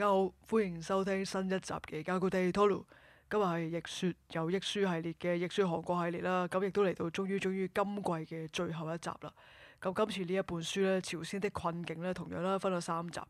大家好，歡迎收聽新一集嘅《教佢地透露》，今日係逆說有益書系列嘅逆說韓國系列啦，咁亦都嚟到終於終於今季嘅最後一集啦。咁今次呢一本書咧，朝鮮的困境咧，同樣啦，分咗三集。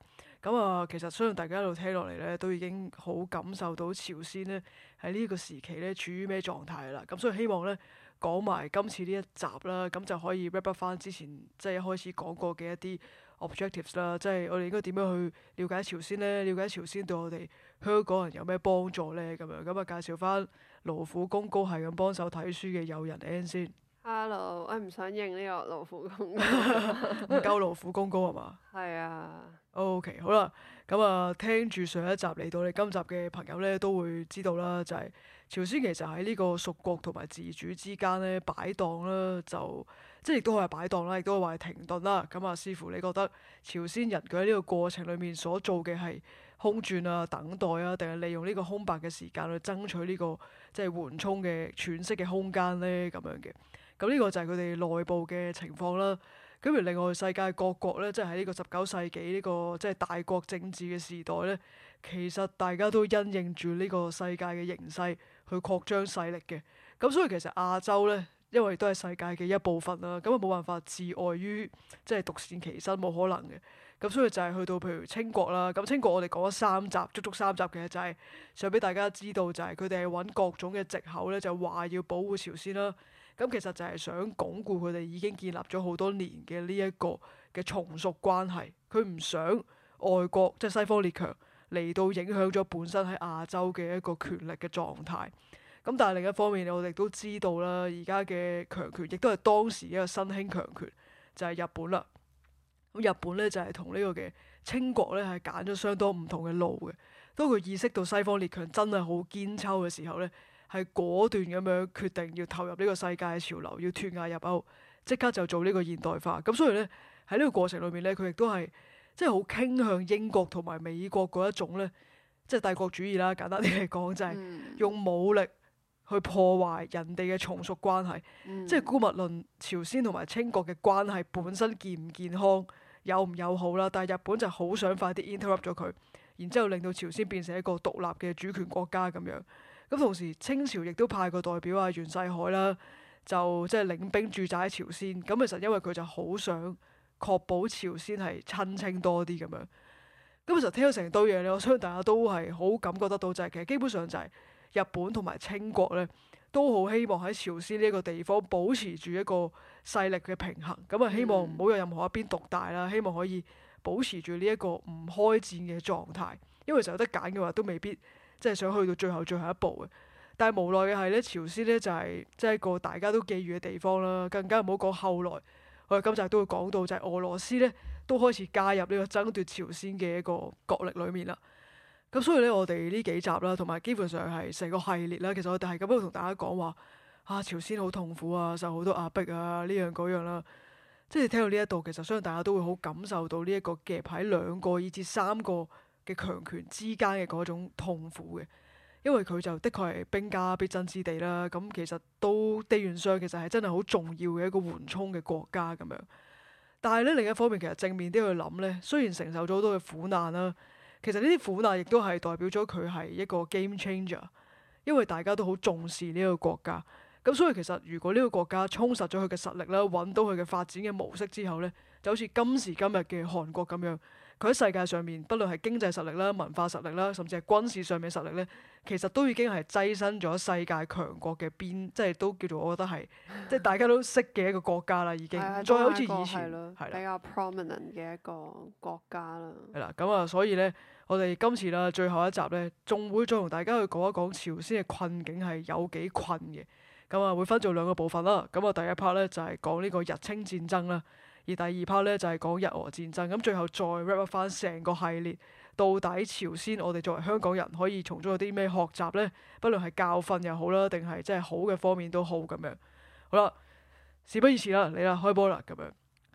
咁啊，其實相信大家一路聽落嚟咧，都已經好感受到朝鮮呢喺呢個時期咧處於咩狀態啦。咁所以希望咧講埋今次呢一集啦，咁就可以 wrap 翻之前即係一開始講過嘅一啲。Objectives 啦，Object ives，即係我哋應該點樣去了解朝鮮咧？了解朝鮮對我哋香港人有咩幫助咧？咁樣咁啊，介紹翻勞苦功高係咁幫手睇書嘅友人 N 先。Hello，我唔想認呢個勞苦功高，唔夠勞苦功高係嘛？係啊。O、okay, K，好啦，咁、嗯、啊，聽住上一集嚟到，你今集嘅朋友咧都會知道啦，就係、是、朝鮮其實喺呢個屬國同埋自主之間咧擺盪啦，就即係亦都可以擺盪啦，亦都話係停頓啦。咁、嗯、啊，師傅你覺得朝鮮人佢喺呢個過程裏面所做嘅係空轉啊、等待啊，定係利用呢個空白嘅時間去爭取呢、這個即係緩衝嘅喘息嘅空間咧？咁樣嘅，咁、嗯、呢、這個就係佢哋內部嘅情況啦。咁而另外世界各國咧，即係喺呢個十九世紀呢、呢個即係大國政治嘅時代咧，其實大家都因應住呢個世界嘅形勢去擴張勢力嘅。咁所以其實亞洲咧，因為都係世界嘅一部分啦、啊，咁啊冇辦法自外於即係獨善其身，冇可能嘅。咁所以就係去到譬如清國啦，咁清國我哋講咗三集，足足三集其實就係想俾大家知道就，就係佢哋係揾各種嘅借口咧，就話要保護朝鮮啦。咁其實就係想鞏固佢哋已經建立咗好多年嘅呢一個嘅從屬關係，佢唔想外國即係、就是、西方列強嚟到影響咗本身喺亞洲嘅一個權力嘅狀態。咁但係另一方面，我哋都知道啦，而家嘅強權亦都係當時一個新興強權，就係、是、日本啦。咁日本咧就係同呢個嘅清國咧係揀咗相當唔同嘅路嘅。當佢意識到西方列強真係好堅秋嘅時候咧，係果斷咁樣決定要投入呢個世界嘅潮流，要脫亞入歐，即刻就做呢個現代化。咁所以咧喺呢個過程裏面咧，佢亦都係即係好傾向英國同埋美國嗰一種咧，即係帝國主義啦。簡單啲嚟講，就係、是、用武力去破壞人哋嘅從屬關係，嗯、即係姑勿論朝鮮同埋清國嘅關係本身健唔健康、友唔友好啦。但係日本就好想快啲 interrupt 咗佢，然之後令到朝鮮變成一個獨立嘅主權國家咁樣。咁同時，清朝亦都派過代表啊袁世凱啦，就即係領兵駐紮喺朝鮮。咁其實因為佢就好想確保朝鮮係親清多啲咁樣。咁其實聽咗成堆嘢咧，我相信大家都係好感覺得到、就是，就係其實基本上就係日本同埋清國咧，都好希望喺朝鮮呢一個地方保持住一個勢力嘅平衡。咁啊、嗯，希望唔好有任何一邊獨大啦，希望可以保持住呢一個唔開戰嘅狀態。因為就有得揀嘅話，都未必。即係想去到最後最後一步嘅，但係無奈嘅係咧，朝鮮咧就係即係一個大家都忌諱嘅地方啦。更加唔好講後來，我哋今集都會講到就係俄羅斯咧都開始加入呢個爭奪朝鮮嘅一個角力裡面啦。咁所以咧，我哋呢幾集啦，同埋基本上係成個系列啦，其實我哋係咁樣同大家講話啊，朝鮮好痛苦啊，受好多壓迫啊，呢樣嗰樣啦、啊。即係聽到呢一度，其實相信大家都會好感受到呢一個夾喺兩個以至三個嘅強權之間嘅嗰種痛苦嘅，因為佢就的確係兵家必爭之地啦。咁其實都地緣上，其實係真係好重要嘅一個緩衝嘅國家咁樣。但係咧另一方面，其實正面啲去諗咧，雖然承受咗好多嘅苦難啦，其實呢啲苦難亦都係代表咗佢係一個 game changer，因為大家都好重視呢個國家。咁所以其實如果呢個國家充實咗佢嘅實力啦，揾到佢嘅發展嘅模式之後咧，就好似今時今日嘅韓國咁樣。佢喺世界上面，不論係經濟實力啦、文化實力啦，甚至係軍事上面嘅實力咧，其實都已經係躋身咗世界強國嘅邊，即係都叫做我覺得係， 即係大家都識嘅一個國家啦，已經。係 對再好似以前咯，比較 prominent 嘅一個國家啦。係啦，咁啊，所以咧，我哋今次啦最後一集咧，仲會再同大家去講一講朝鮮嘅困境係有幾困嘅。咁啊，會分做兩個部分啦。咁啊，第一 part 咧就係講呢個日清戰爭啦。而第二 part 咧，就係、是、講日俄戰爭，咁最後再 rap 翻，成個系列，到底朝鮮我哋作為香港人可以從中有啲咩學習咧？不論係教訓又好啦，定係即係好嘅方面都好咁樣。好啦，事不宜遲啦，你啦開波啦咁樣。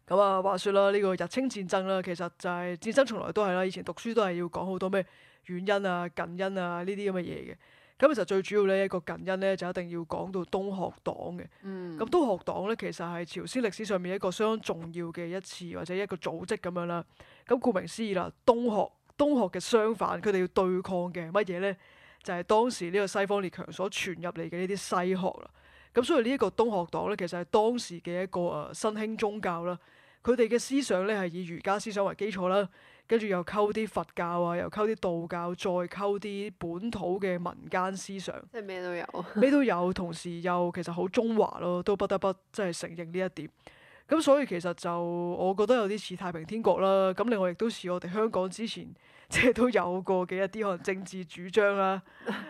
咁啊，話說啦，呢、這個日清戰爭啦，其實就係戰爭從來都係啦，以前讀書都係要講好多咩遠因啊、近因啊呢啲咁嘅嘢嘅。這咁其實最主要咧一個近因咧就一定要講到東學黨嘅。咁、嗯、東學黨咧其實係朝鮮歷史上面一個相當重要嘅一次或者一個組織咁樣啦。咁顧名思義啦，東學東學嘅相反，佢哋要對抗嘅乜嘢咧，就係、是、當時呢個西方列強所傳入嚟嘅呢啲西學啦。咁所以呢一個東學黨咧，其實係當時嘅一個誒新興宗教啦。佢哋嘅思想咧係以儒家思想為基礎啦。跟住又溝啲佛教啊，又溝啲道教，再溝啲本土嘅民間思想，即係咩都有咩都有，同時又其實好中華咯，都不得不即係承認呢一點。咁所以其實就我覺得有啲似太平天國啦。咁另外亦都似我哋香港之前即係都有過嘅一啲可能政治主張啦，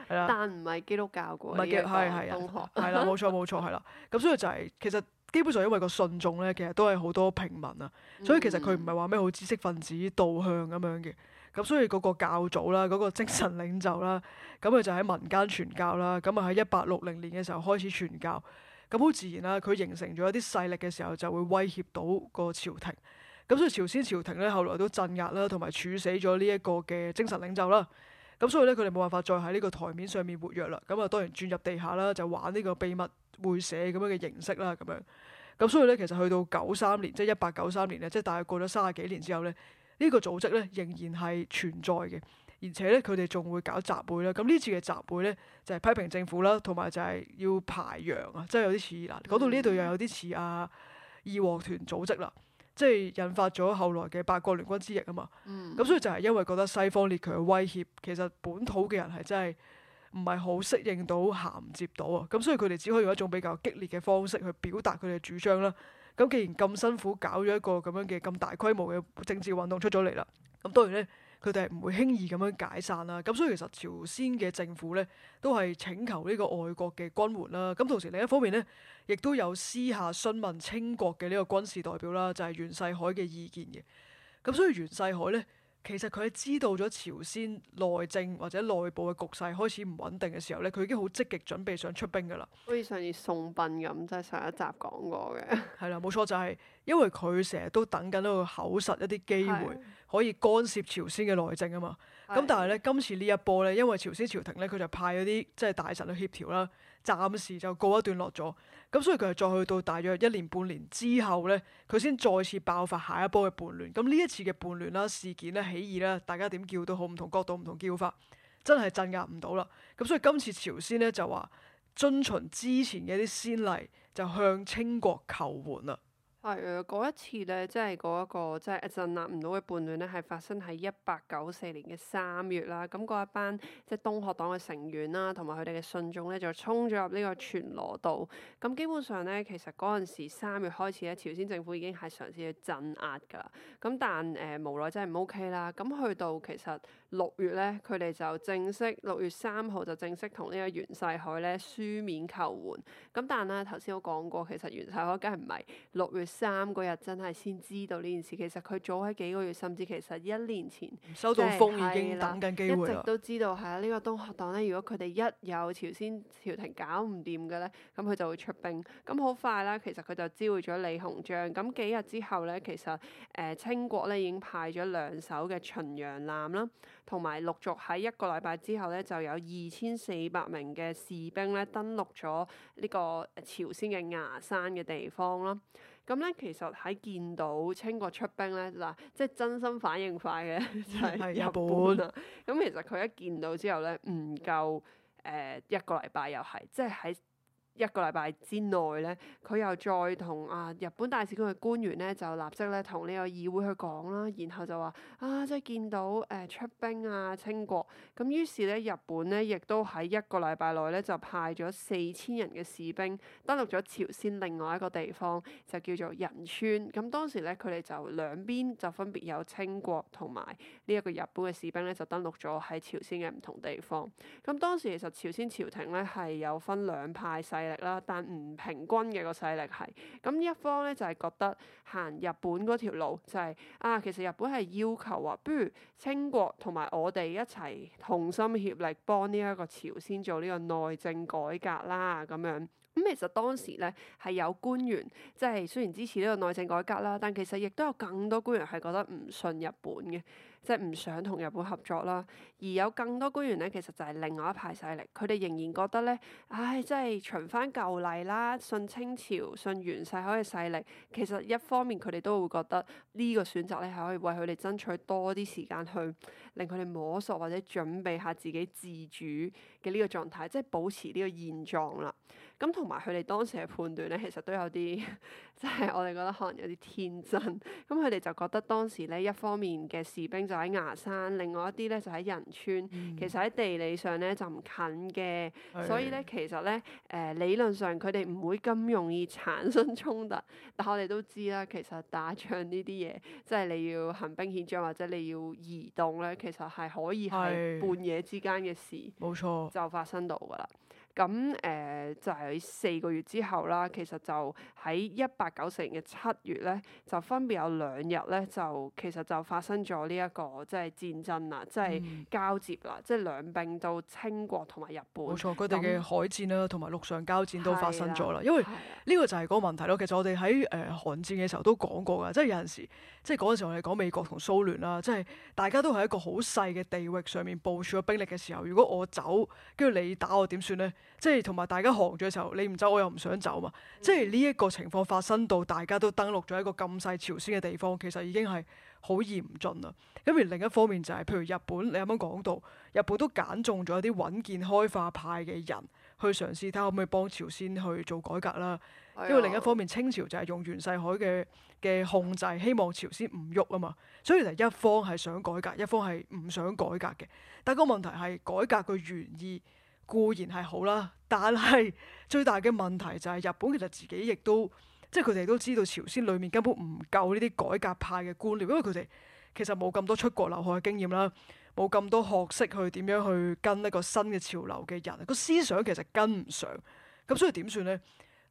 係啦。但唔係基督教嗰啲嘅同學，係啦，冇錯冇錯，係啦學。咁 所以就係、是、其實。基本上因為個信眾咧，其實都係好多平民啊，所以其實佢唔係話咩好知識分子導向咁樣嘅，咁所以嗰個教祖啦，嗰個精神領袖啦，咁佢就喺民間傳教啦，咁啊喺一八六零年嘅時候開始傳教，咁好自然啦、啊，佢形成咗一啲勢力嘅時候就會威脅到個朝廷，咁所以朝鮮朝廷咧後來都鎮壓啦，同埋處死咗呢一個嘅精神領袖啦。咁所以咧，佢哋冇辦法再喺呢個台面上面活躍啦。咁啊，當然轉入地下啦，就玩呢個秘密會社咁樣嘅形式啦，咁樣。咁所以咧，其實去到九三年，即係一八九三年咧，即係大概過咗卅幾年之後咧，呢個組織咧仍然係存在嘅，而且咧佢哋仲會搞集會啦。咁呢次嘅集會咧就係批評政府啦，同埋就係要排洋啊，真係有啲似嗱，講到呢度又有啲似啊義和團組織啦。即係引發咗後來嘅八國聯軍之役啊嘛，咁、嗯、所以就係因為覺得西方列強嘅威脅，其實本土嘅人係真係唔係好適應到、銜接到啊，咁所以佢哋只可以用一種比較激烈嘅方式去表達佢哋嘅主張啦。咁既然咁辛苦搞咗一個咁樣嘅咁大規模嘅政治運動出咗嚟啦，咁當然咧。佢哋係唔會輕易咁樣解散啦，咁所以其實朝鮮嘅政府咧都係請求呢個外國嘅軍援啦，咁同時另一方面咧，亦都有私下詢問清國嘅呢個軍事代表啦，就係、是、袁世凱嘅意見嘅。咁所以袁世凱咧，其實佢係知道咗朝鮮內政或者內部嘅局勢開始唔穩定嘅時候咧，佢已經好積極準備想出兵噶啦，好似上次送殯咁，即、就、係、是、上一集講過嘅，係 啦，冇錯就係、是、因為佢成日都等緊呢個口實一啲機會。可以干涉朝鮮嘅內政啊嘛，咁的但係咧今次呢一波咧，因為朝鮮朝廷咧佢就派咗啲即係大臣去協調啦，暫時就告一段落咗，咁所以佢係再去到大約一年半年之後咧，佢先再次爆發下一波嘅叛亂。咁呢一次嘅叛亂啦、事件咧、起義咧，大家點叫都好，唔同角度、唔同叫法，真係鎮壓唔到啦。咁所以今次朝鮮咧就話遵從之前嘅啲先例，就向清國求援啦。係啊，嗰、哎、一次咧，即係嗰一個即係鎮壓唔到嘅叛亂咧，係發生喺一八九四年嘅三月啦。咁嗰一班即係東學黨嘅成員啦，同埋佢哋嘅信眾咧，就衝咗入呢個全羅道。咁基本上咧，其實嗰陣時三月開始咧，朝鮮政府已經係嘗試去鎮壓㗎喇。咁但誒、呃、無奈真係唔 OK 啦。咁去到其實。六月咧，佢哋就正式六月三號就正式同呢個袁世凱咧書面求援。咁但係咧，頭先我講過，其實袁世凱梗係唔係六月三嗰日真係先知道呢件事。其實佢早喺幾個月，甚至其實一年前收到風、就是、已經等緊機會，一直都知道係啊，呢、這個東學黨咧，如果佢哋一有朝鮮朝廷搞唔掂嘅咧，咁佢就會出兵。咁好快啦，其實佢就知會咗李鴻章。咁幾日之後咧，其實誒、呃、清國咧已經派咗兩艘嘅巡洋艦啦。同埋陸續喺一個禮拜之後咧，就有二千四百名嘅士兵咧登陸咗呢個朝鮮嘅牙山嘅地方咯。咁、嗯、咧其實喺見到清國出兵咧，嗱，即真心反應快嘅 就係日本啦。咁、嗯、其實佢一見到之後咧，唔夠誒、呃、一個禮拜又係即喺。一個禮拜之內咧，佢又再同啊日本大使館嘅官員咧就立即咧同呢個議會去講啦，然後就話啊，即係見到誒、呃、出兵啊清國，咁、嗯、於是咧日本咧亦都喺一個禮拜內咧就派咗四千人嘅士兵登陸咗朝鮮另外一個地方，就叫做仁川。咁、嗯、當時咧佢哋就兩邊就分別有清國同埋呢一個日本嘅士兵咧就登陸咗喺朝鮮嘅唔同地方。咁、嗯、當時其實朝鮮朝廷咧係有分兩派勢。力啦，但唔平均嘅個勢力係咁一方咧，就係覺得行日本嗰條路就係啊，其實日本係要求話，不如清國同埋我哋一齊同心協力幫呢一個朝鮮做呢個內政改革啦咁樣。咁其實當時咧係有官員即係雖然支持呢個內政改革啦，但其實亦都有更多官員係覺得唔信日本嘅。即係唔想同日本合作啦，而有更多官員咧，其實就係另外一派勢力，佢哋仍然覺得咧，唉，即係循翻舊例啦，信清朝、信袁世凱嘅勢力，其實一方面佢哋都會覺得呢個選擇咧係可以為佢哋爭取多啲時間，去令佢哋摸索或者準備下自己自主。嘅呢個狀態，即係保持呢個現狀啦。咁同埋佢哋當時嘅判斷咧，其實都有啲即係我哋覺得可能有啲天真。咁佢哋就覺得當時咧，一方面嘅士兵就喺牙山，另外一啲咧就喺仁川。其實喺地理上咧就唔近嘅，所以咧其實咧誒理論上佢哋唔會咁容易產生衝突。但係我哋都知啦，其實打仗呢啲嘢，即係你要行兵遣將或者你要移動咧，其實係可以係半夜之間嘅事。冇錯。就發生到㗎啦。咁誒、呃、就喺、是、四個月之後啦，其實就喺一八九四年嘅七月咧，就分別有兩日咧，就其實就發生咗呢一個即係戰爭啦、嗯，即係交接啦，即係兩兵到清國同埋日本。冇錯，佢哋嘅海戰啦，同埋陸上交戰都發生咗啦。嗯、因為呢個就係嗰個問題咯。其實我哋喺誒韓戰嘅時候都講過噶，即係有陣時即係嗰陣時候我哋講美國同蘇聯啦，即係大家都係一個好細嘅地域上面部署咗兵力嘅時候，如果我走，跟住你打我點算咧？即係同埋大家行咗嘅時候，你唔走我又唔想走嘛。嗯、即係呢一個情況發生到大家都登陸咗一個咁細朝鮮嘅地方，其實已經係好嚴峻啦。咁而另一方面就係、是，譬如日本，你啱啱講到日本都揀中咗一啲穩健開化派嘅人去嘗試睇可唔可以幫朝鮮去做改革啦。哎、呀 因為另一方面，清朝就係用袁世凱嘅嘅控制，希望朝鮮唔喐啊嘛。所以嚟一方係想改革，一方係唔想改革嘅。但係個問題係改革個原意。固然係好啦，但係最大嘅問題就係日本其實自己亦都即係佢哋都知道朝鮮裡面根本唔夠呢啲改革派嘅觀念，因為佢哋其實冇咁多出國留學嘅經驗啦，冇咁多學識去點樣去跟一個新嘅潮流嘅人，個思想其實跟唔上，咁所以點算呢？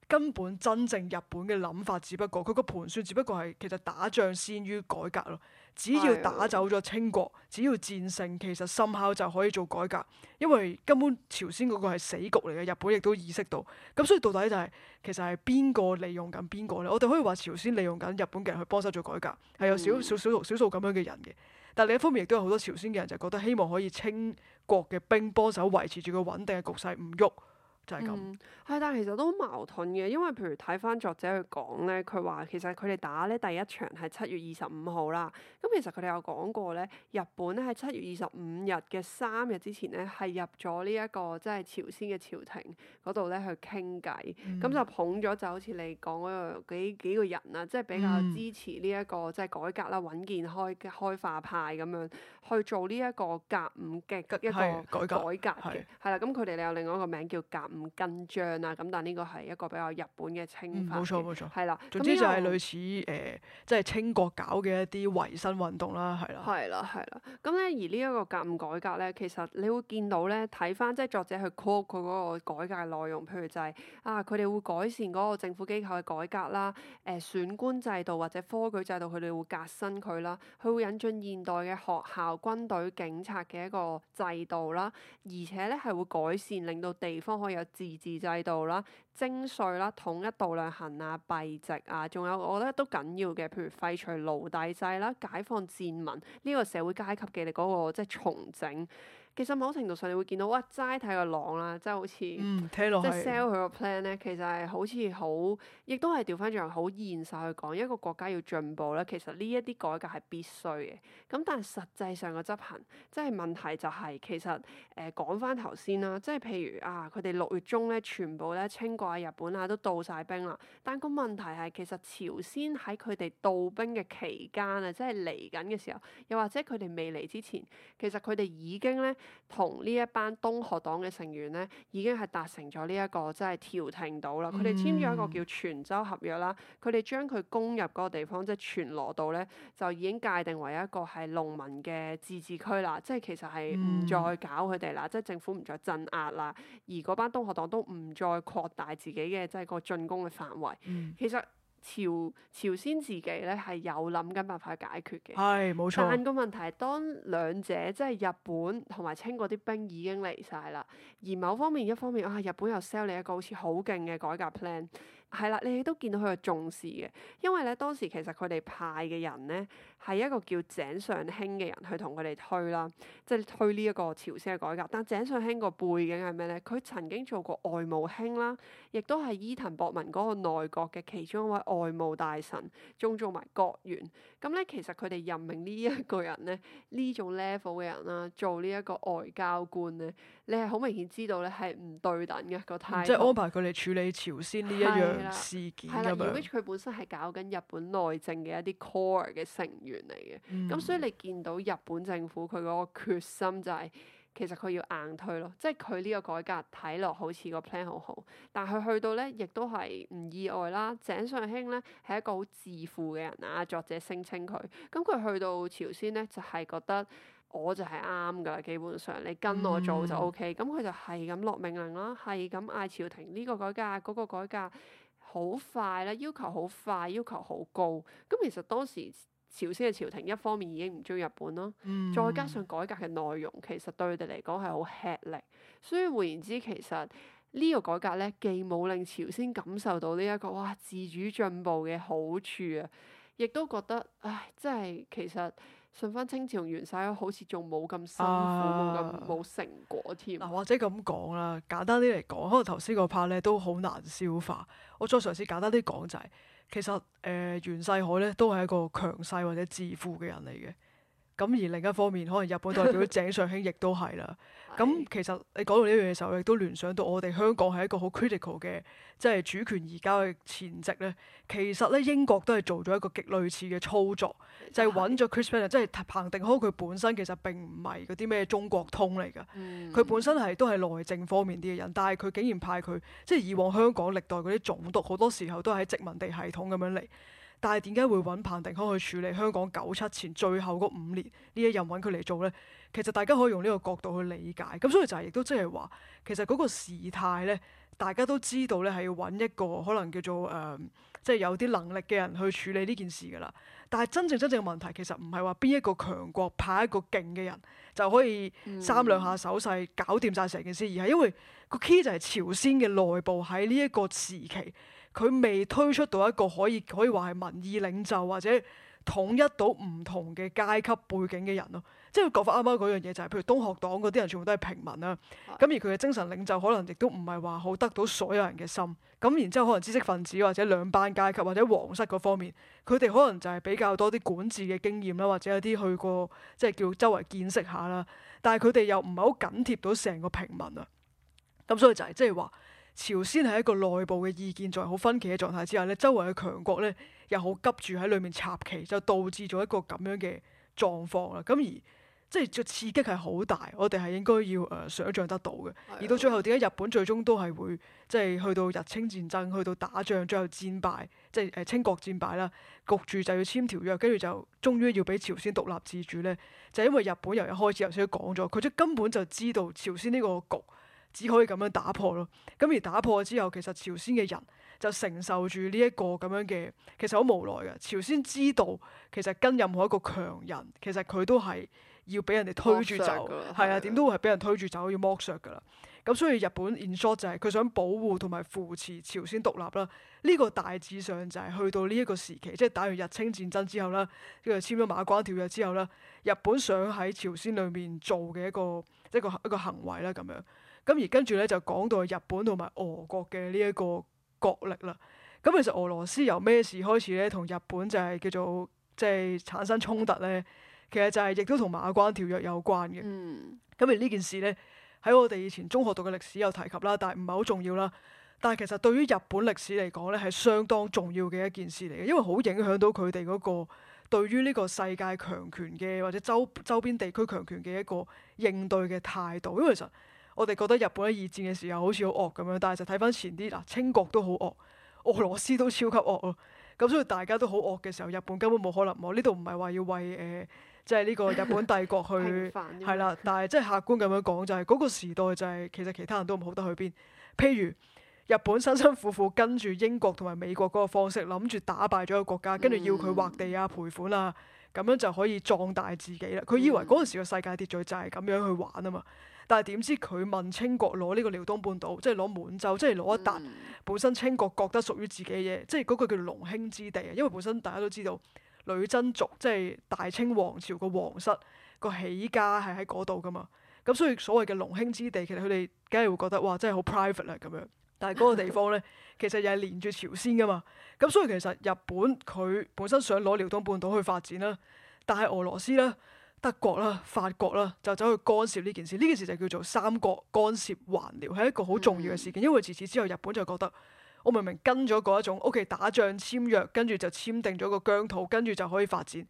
根本真正日本嘅諗法，只不過佢個盤算，只不過係其實打仗先於改革咯。只要打走咗清國，只要戰勝，其實深烤就可以做改革，因為根本朝鮮嗰個係死局嚟嘅。日本亦都意識到，咁所以到底就係、是、其實係邊個利用緊邊個咧？我哋可以話朝鮮利用緊日本嘅人去幫手做改革，係有少少少少數咁樣嘅人嘅。但另一方面亦都有好多朝鮮嘅人就覺得希望可以清國嘅兵幫手維持住個穩定嘅局勢唔喐。就係咁，嗯。係，但係其實都矛盾嘅，因為譬如睇翻作者去講咧，佢話其實佢哋打咧第一場係七月二十五號啦。咁其實佢哋有講過咧，日本咧喺七月二十五日嘅三日之前咧，係入咗呢一個即係朝鮮嘅朝廷嗰度咧去傾偈。咁就捧咗就好似你講嗰個幾幾個人啊，即係、嗯、質 issements, 比較支持呢一個即係改革啦，穩健開開化派咁樣去做呢一個甲午嘅一個改革嘅係啦。咁佢哋有另外一個名叫甲。唔跟漲啊！咁但係呢個係一個比較日本嘅稱呼，係啦、嗯。的總之就係類似誒，即係、嗯呃就是、清國搞嘅一啲維新運動啦，係啦。係啦，係啦。咁咧，而呢一個革命改革咧，其實你會見到咧，睇返即係作者去 call 佢嗰個改革內容，譬如就係、是、啊，佢哋會改善嗰個政府機構嘅改革啦，誒、啊、選官制度或者科舉制度，佢哋會革新佢啦。佢會引進現代嘅學校、軍隊、警察嘅一個制度啦，而且咧係會改善，令到地方可以有自治制度啦、徵稅啦、統一度量衡啊、幣值啊，仲有我覺得都緊要嘅，譬如廢除奴隸制啦、解放賤民呢、這個社會階級嘅嗰、那個即係、就是、重整。其實某程度上你會見到，哇！齋睇個朗啦，即好似，嗯、即 sell 佢個 plan 咧，其實係好似好，亦都係調翻轉頭好現實去講，一個國家要進步咧，其實呢一啲改革係必須嘅。咁但係實際上嘅執行，即係問題就係、是、其實誒、呃、講翻頭先啦，即係譬如啊，佢哋六月中咧全部咧清國啊、日本啊都渡晒兵啦。但個問題係其實朝鮮喺佢哋渡兵嘅期間啊，即係嚟緊嘅時候，又或者佢哋未嚟之前，其實佢哋已經咧。同呢一班東學黨嘅成員咧，已經係達成咗呢一個即係調停到啦。佢哋、嗯、簽咗一個叫全州合約啦。佢哋將佢攻入嗰個地方，即係全羅道咧，就已經界定為一個係農民嘅自治區啦。即係其實係唔再搞佢哋啦，嗯、即係政府唔再鎮壓啦，而嗰班東學黨都唔再擴大自己嘅即係個進攻嘅範圍。嗯、其實。朝朝鮮自己咧係有諗緊辦法解決嘅，係冇錯。但個問題係當兩者即係日本同埋清嗰啲兵已經嚟晒啦，而某方面一方面啊，日本又 sell 你一個好似好勁嘅改革 plan，係啦，你哋都見到佢嘅重視嘅，因為咧當時其實佢哋派嘅人咧。係一個叫井上馨嘅人去同佢哋推啦，即係推呢一個朝鮮嘅改革。但井上馨個背景係咩咧？佢曾經做過外務卿啦，亦都係伊藤博文嗰個內閣嘅其中一位外務大臣，仲做埋國員。咁咧，其實佢哋任命呢一個人咧，呢種 level 嘅人啦、啊，做呢一個外交官咧，你係好明顯知道咧係唔對等嘅個態度。即係安排佢哋處理朝鮮呢一樣事件咁樣的。因為佢本身係搞緊日本內政嘅一啲 core 嘅成員。嚟嘅，咁、嗯、所以你見到日本政府佢嗰個決心就係、是，其實佢要硬推咯，即係佢呢個改革睇落好似個 plan 好好，但係佢去到咧亦都係唔意外啦。井上卿咧係一個好自負嘅人啊，作者聲稱佢，咁佢去到朝鮮咧就係、是、覺得我就係啱噶啦，基本上你跟我做就 OK，咁佢就係咁落命令啦，係咁嗌朝廷呢個改革嗰、這個改革好、那個、快啦，要求好快，要求好高，咁其實當時。朝鮮嘅朝廷一方面已經唔中意日本咯，嗯、再加上改革嘅內容，其實對佢哋嚟講係好吃力，所以換言之，其實呢個改革咧，既冇令朝鮮感受到呢、這、一個哇自主進步嘅好處啊，亦都覺得唉，真係其實順翻清朝完晒，好似仲冇咁辛苦，冇咁冇成果添、啊。或者咁講啦，簡單啲嚟講，可能頭先個 part 咧都好難消化。我再嘗試簡單啲講就係、是。其實，誒、呃、袁世凱咧都係一個強勢或者自負嘅人嚟嘅。咁而另一方面，可能日本代表井上卿亦都係啦。咁、 嗯、其實你講到呢樣嘢時候，亦都聯想到我哋香港係一個好 critical 嘅，即、就、係、是、主權移交嘅前夕。咧。其實咧英國都係做咗一個極類似嘅操作，就係揾咗 Christopher，即係彭定康佢本身其實並唔係嗰啲咩中國通嚟㗎。佢、嗯、本身係都係內政方面啲嘅人，但係佢竟然派佢，即、就、係、是、以往香港歷代嗰啲總督好多時候都係喺殖民地系統咁樣嚟。但係點解會揾彭定康去處理香港九七前最後嗰五年呢？一任揾佢嚟做咧，其實大家可以用呢個角度去理解。咁所以就係亦都即係話，其實嗰個時態咧，大家都知道咧係要揾一個可能叫做誒，即係有啲能力嘅人去處理呢件事㗎啦。但係真正真正嘅問題其實唔係話邊一個強國派一個勁嘅人就可以三兩下手勢搞掂晒成件事，而係因為個 key 就係朝鮮嘅內部喺呢一個時期。佢未推出到一個可以可以話係民意領袖或者統一到唔同嘅階級背景嘅人咯，即係講翻啱啱嗰樣嘢就係、是，譬如東學黨嗰啲人全部都係平民啦，咁的而佢嘅精神領袖可能亦都唔係話好得到所有人嘅心，咁然之後可能知識分子或者兩班階級或者皇室嗰方面，佢哋可能就係比較多啲管治嘅經驗啦，或者有啲去過即係、就是、叫周圍見識下啦，但係佢哋又唔係好緊貼到成個平民啊，咁所以就係即係話。就是朝鮮係一個內部嘅意見在好分歧嘅狀態之下咧，周圍嘅強國咧又好急住喺裏面插旗，就導致咗一個咁樣嘅狀況啦。咁而即係就刺激係好大，我哋係應該要誒、呃、想像得到嘅。哎、呦而到最後點解日本最終都係會即係去到日清戰爭，去到打仗，最後戰敗，即係誒清國戰敗啦，焗住就要簽條約，跟住就終於要俾朝鮮獨立自主咧，就係、因為日本由一開始頭先講咗，佢即根本就知道朝鮮呢個局。只可以咁樣打破咯。咁而打破之後，其實朝鮮嘅人就承受住呢一個咁樣嘅，其實好無奈嘅。朝鮮知道其實跟任何一個強人，其實佢都係要俾人哋推住走，係啊，點都係俾人推住走，要剝削噶啦。咁所以日本 in short 就係佢想保護同埋扶持朝鮮獨立啦。呢個大致上就係去到呢一個時期，即係打完日清戰爭之後啦，跟住簽咗馬關條約之後啦，日本想喺朝鮮裏面做嘅一個一個一個，一個行為啦，咁樣。咁而跟住咧就講到日本同埋俄國嘅呢一個角力啦。咁其實俄羅斯由咩事開始咧，同日本就係叫做即係、就是、產生衝突咧。其實就係亦都同馬關條約有關嘅。咁、嗯、而呢件事咧喺我哋以前中學讀嘅歷史有提及啦，但係唔係好重要啦。但係其實對於日本歷史嚟講咧係相當重要嘅一件事嚟嘅，因為好影響到佢哋嗰個對於呢個世界強權嘅或者周周邊地區強權嘅一個應對嘅態度，因為其實。我哋覺得日本喺二戰嘅時候好似好惡咁樣，但係就睇翻前啲嗱，清國都好惡，俄羅斯都超級惡啊！咁所以大家都好惡嘅時候，日本根本冇可能。我呢度唔係話要為誒，即係呢個日本帝國去係啦 不完。但係即係客觀咁樣講，就係、是、嗰個時代就係、是、其實其他人都唔好得去邊。譬如日本辛辛苦苦跟住英國同埋美國嗰個方式，諗住打敗咗一個國家，跟住要佢劃地啊、賠款啊，咁樣就可以壯大自己啦。佢以為嗰陣時嘅世界秩序就係咁樣去玩啊嘛。但係點知佢問清國攞呢個遼東半島，即係攞滿洲，即係攞一笪本身清國覺得屬於自己嘅嘢，即係嗰個叫做龍興之地啊！因為本身大家都知道，女真族即係大清王朝個皇室個起家係喺嗰度噶嘛。咁所以所謂嘅龍興之地，其實佢哋梗係會覺得哇，真係好 private 啊咁樣。但係嗰個地方咧，其實又係連住朝鮮噶嘛。咁所以其實日本佢本身想攞遼東半島去發展啦，但係俄羅斯咧，德國啦、法國啦，就走去干涉呢件事。呢件事就叫做三國干涉還遼，係一個好重要嘅事件。因為自此，此之後，日本就覺得我明明跟咗嗰一種屋企打仗簽約，跟住就簽訂咗個疆土，跟住就可以發展。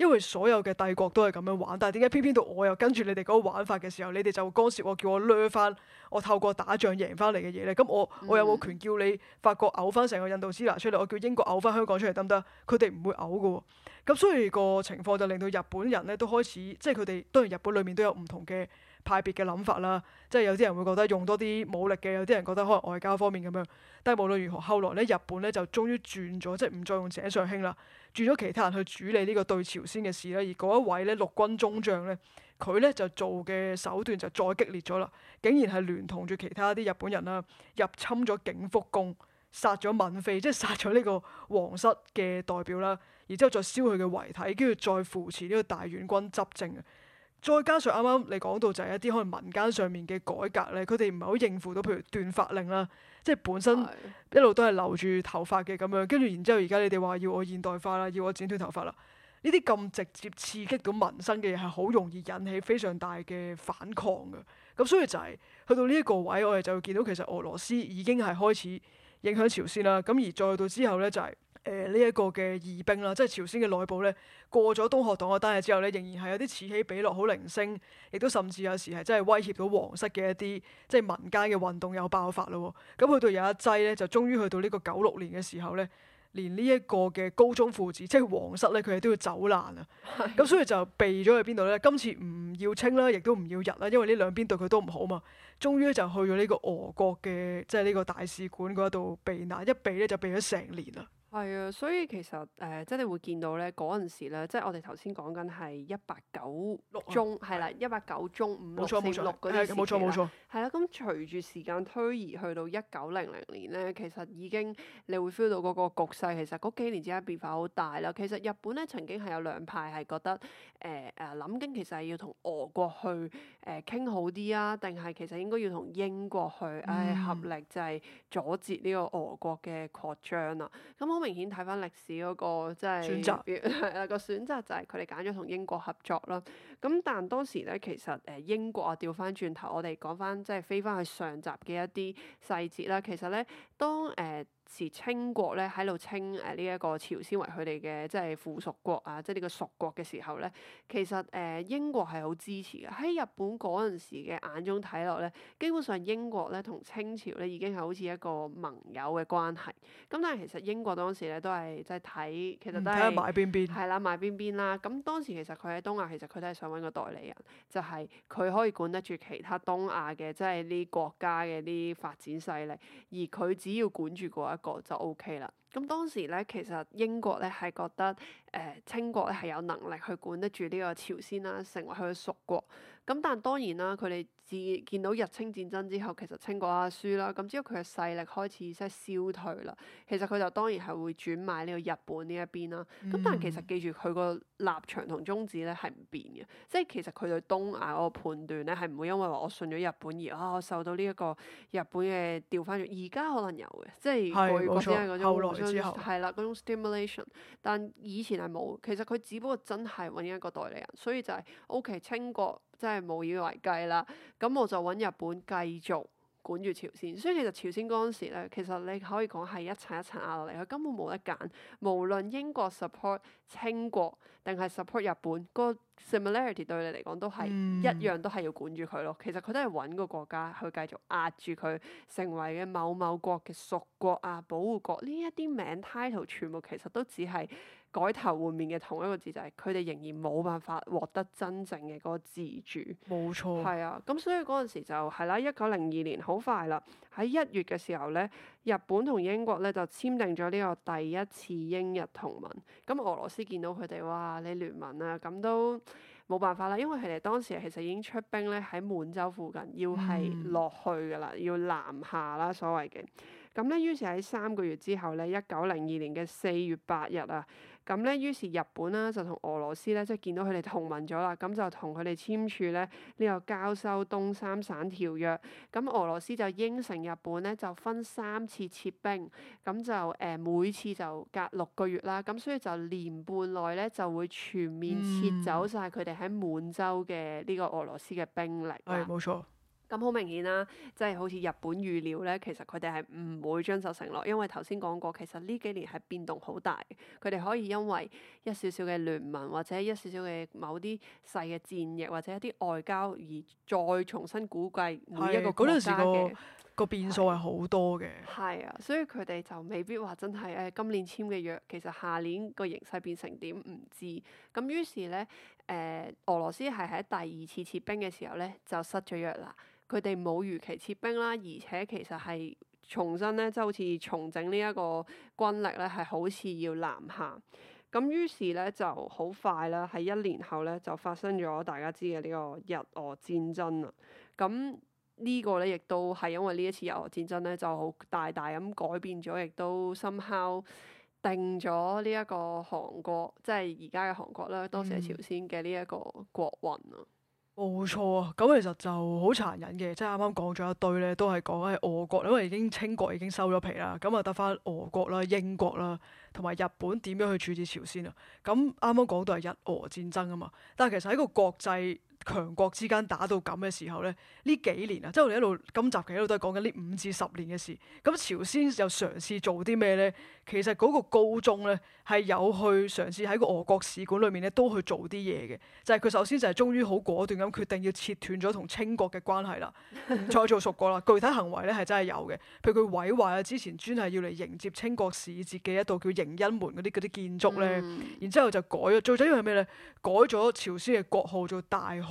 因為所有嘅帝國都係咁樣玩，但係點解偏偏到我又跟住你哋嗰個玩法嘅時候，你哋就干涉我，叫我掠翻我透過打仗贏翻嚟嘅嘢咧？咁我我有冇權叫你法國嘔翻成個印度支那出嚟？我叫英國嘔翻香港出嚟得唔得？佢哋唔會嘔㗎。咁所以個情況就令到日本人咧都開始，即係佢哋當然日本裏面都有唔同嘅。派別嘅諗法啦，即係有啲人會覺得用多啲武力嘅，有啲人覺得可能外交方面咁樣。但係無論如何，後來咧日本咧就終於轉咗，即係唔再用井上馨啦，轉咗其他人去處理呢個對朝鮮嘅事咧。而嗰一位咧陸軍中將咧，佢咧就做嘅手段就再激烈咗啦，竟然係聯同住其他啲日本人啊，入侵咗景福宮，殺咗閔妃，即係殺咗呢個皇室嘅代表啦，然之後再燒佢嘅遺體，跟住再扶持呢個大院君執政啊。再加上啱啱你講到就係一啲可能民間上面嘅改革咧，佢哋唔係好應付到，譬如斷髮令啦，即係本身一路都係留住頭髮嘅咁樣，跟住然之後而家你哋話要我現代化啦，要我剪短頭髮啦，呢啲咁直接刺激到民生嘅嘢係好容易引起非常大嘅反抗㗎，咁所以就係、是、去到呢一個位，我哋就會見到其實俄羅斯已經係開始影響朝鮮啦，咁而再到之後咧就係、是。誒呢一個嘅義兵啦，即係朝鮮嘅內部咧，過咗東學黨嘅單嘢之後咧，仍然係有啲此起彼落好零星，亦都甚至有時係真係威脅到皇室嘅一啲，即係民間嘅運動有爆發啦。咁、嗯、去到有一劑咧，就終於去到呢個九六年嘅時候咧，連呢一個嘅高宗父子，即係皇室咧，佢哋都要走難啊。咁的、嗯、所以就避咗去邊度咧？今次唔要清啦，亦都唔要日啦，因為呢兩邊對佢都唔好嘛。終於咧就去咗呢個俄國嘅，即係呢個大使館嗰度避難，一避咧就避咗成年啦。係啊，所以其實誒、呃，即係你會見到呢嗰陣時呢，即係我哋頭先講緊係一八九六中係啦，一八九中五冇四六嗰，冇錯冇錯，係啦的。咁隨住時間推移，去到一九零零年呢，其實已經你會 feel 到嗰個局勢其實嗰幾年之間變化好大啦。其實日本呢曾經係有兩派係覺得誒誒諗緊，呃、其實係要同俄國去誒傾、呃、好啲啊，定係其實應該要同英國去誒合力就係阻截呢個俄國嘅擴張啊。咁、嗯、我。明顯睇翻歷史嗰、嗰個即係、就係、選擇，係啦個選擇就係佢哋揀咗同英國合作啦。咁但當時咧，其實誒英國啊掉翻轉頭，我哋講翻即係飛翻去上集嘅一啲細節啦。其實咧，當誒。呃時清國咧喺度稱誒呢一個、啊、朝鮮為佢哋嘅即係附屬國啊，即係呢個屬國嘅時候咧，其實誒、呃、英國係好支持嘅。喺日本嗰陣時嘅眼中睇落咧，基本上英國咧同清朝咧已經係好似一個盟友嘅關係，咁但係其實英國當時咧都係即係睇，其實都係埋邊邊，係啦埋邊邊啦。咁當時其實佢喺東亞其實佢都係想揾個代理人，就係、是、佢可以管得住其他東亞嘅即係啲國家嘅啲發展勢力，而佢只要管住、嗰一。個就 OK 啦。咁當時咧，其實英國咧係覺得，誒、呃、清國咧係有能力去管得住呢個朝鮮啦，成為佢嘅屬國。咁但係當然啦，佢哋見見到日清戰爭之後，其實清國啊輸啦。咁之後佢嘅勢力開始即係消退啦。其實佢就當然係會轉賣呢個日本呢一邊啦。咁、嗯、但係其實記住佢個立場同宗旨咧係唔變嘅。即係其實佢對東亞嗰個判斷咧係唔會因為話我信咗日本而啊我受到呢一個日本嘅調翻轉。而家可能有嘅，即係外國邊嗰種。係啦，嗰種 stimulation，但以前係冇，其實佢只不過真係揾一個代理人，所以就係、是、O.K. 清國真係無以為繼啦，咁我就揾日本繼續管住朝鮮，所以其實朝鮮嗰陣時咧，其實你可以講係一層一層壓落嚟，佢根本冇得揀，無論英國 support 清國定係 support 日本，嗰、那個。Similarity 對你嚟講都係、嗯、一樣，都係要管住佢咯。其實佢都係揾個國家去繼續壓住佢，成為嘅某某國嘅屬國啊、保護國呢一啲名 title，全部其實都只係。改頭換面嘅同一個字，就係佢哋仍然冇辦法獲得真正嘅嗰個自主。冇錯。係啊，咁所以嗰陣時就係啦，一九零二年好快啦。喺一月嘅時候咧、啊，日本同英國咧就簽訂咗呢個第一次英日同盟。咁俄羅斯見到佢哋，哇！你聯盟啊，咁都冇辦法啦，因為佢哋當時其實已經出兵咧喺滿洲附近，要係落去噶啦，嗯、要南下啦，所謂嘅。咁咧，於是喺三個月之後咧，一九零二年嘅四月八日啊。咁咧，於是日本啦就同俄羅斯咧，即係見到佢哋同盟咗啦，咁就同佢哋簽署咧呢個交收東三省條約。咁俄羅斯就應承日本咧，就分三次撤兵，咁就誒、呃、每次就隔六個月啦。咁所以就年半內咧就會全面撤走晒佢哋喺滿洲嘅呢個俄羅斯嘅兵力。係、嗯嗯、冇錯。咁好明顯啦，即係好似日本預料咧，其實佢哋係唔會遵守承諾，因為頭先講過，其實呢幾年係變動好大。佢哋可以因為一少少嘅聯盟或者一少少嘅某啲細嘅戰役或者一啲外交而再重新估計每一個國家嘅個變數係好多嘅。係啊，所以佢哋就未必話真係誒今年簽嘅約，其實下年個形勢變成點唔知。咁於是咧，誒俄羅斯係喺第二次撤兵嘅時候咧就失咗約啦。佢哋冇如期撤兵啦，而且其實，係重新咧，即係好似重整呢一個軍力咧，係好似要南下。咁於是咧就好快啦，喺一年後咧就發生咗大家知嘅呢個日俄戰爭啦。咁呢個咧亦都係因為呢一次日俄戰爭咧，就好大大咁改變咗，亦都深敲定咗呢一個韓國，即係而家嘅韓國啦，當時係朝鮮嘅呢一個國運啊。嗯冇錯啊，咁其實就好殘忍嘅。即係啱啱講咗一堆咧，都係講喺俄國啦，因為已經清國已經收咗皮啦，咁啊得翻俄國啦、英國啦，同埋日本點樣去處置朝鮮啊？咁啱啱講到係日俄戰爭啊嘛，但係其實喺個國際。強國之間打到咁嘅時候咧，呢幾年啊，即係我哋一路今集其實一路都係講緊呢五至十年嘅事。咁朝鮮又嘗試做啲咩咧？其實嗰個高宗咧係有去嘗試喺個俄國使館裏面咧都去做啲嘢嘅，就係、是、佢首先就係終於好果斷咁決定要切斷咗同清國嘅關係啦，再做屬國啦。具體行為咧係真係有嘅，譬如佢毀壞啊之前專係要嚟迎接清國使節嘅一道，叫迎恩門嗰啲啲建築咧，嗯、然之後就改咗。最緊要係咩咧？改咗朝鮮嘅國號做大號。大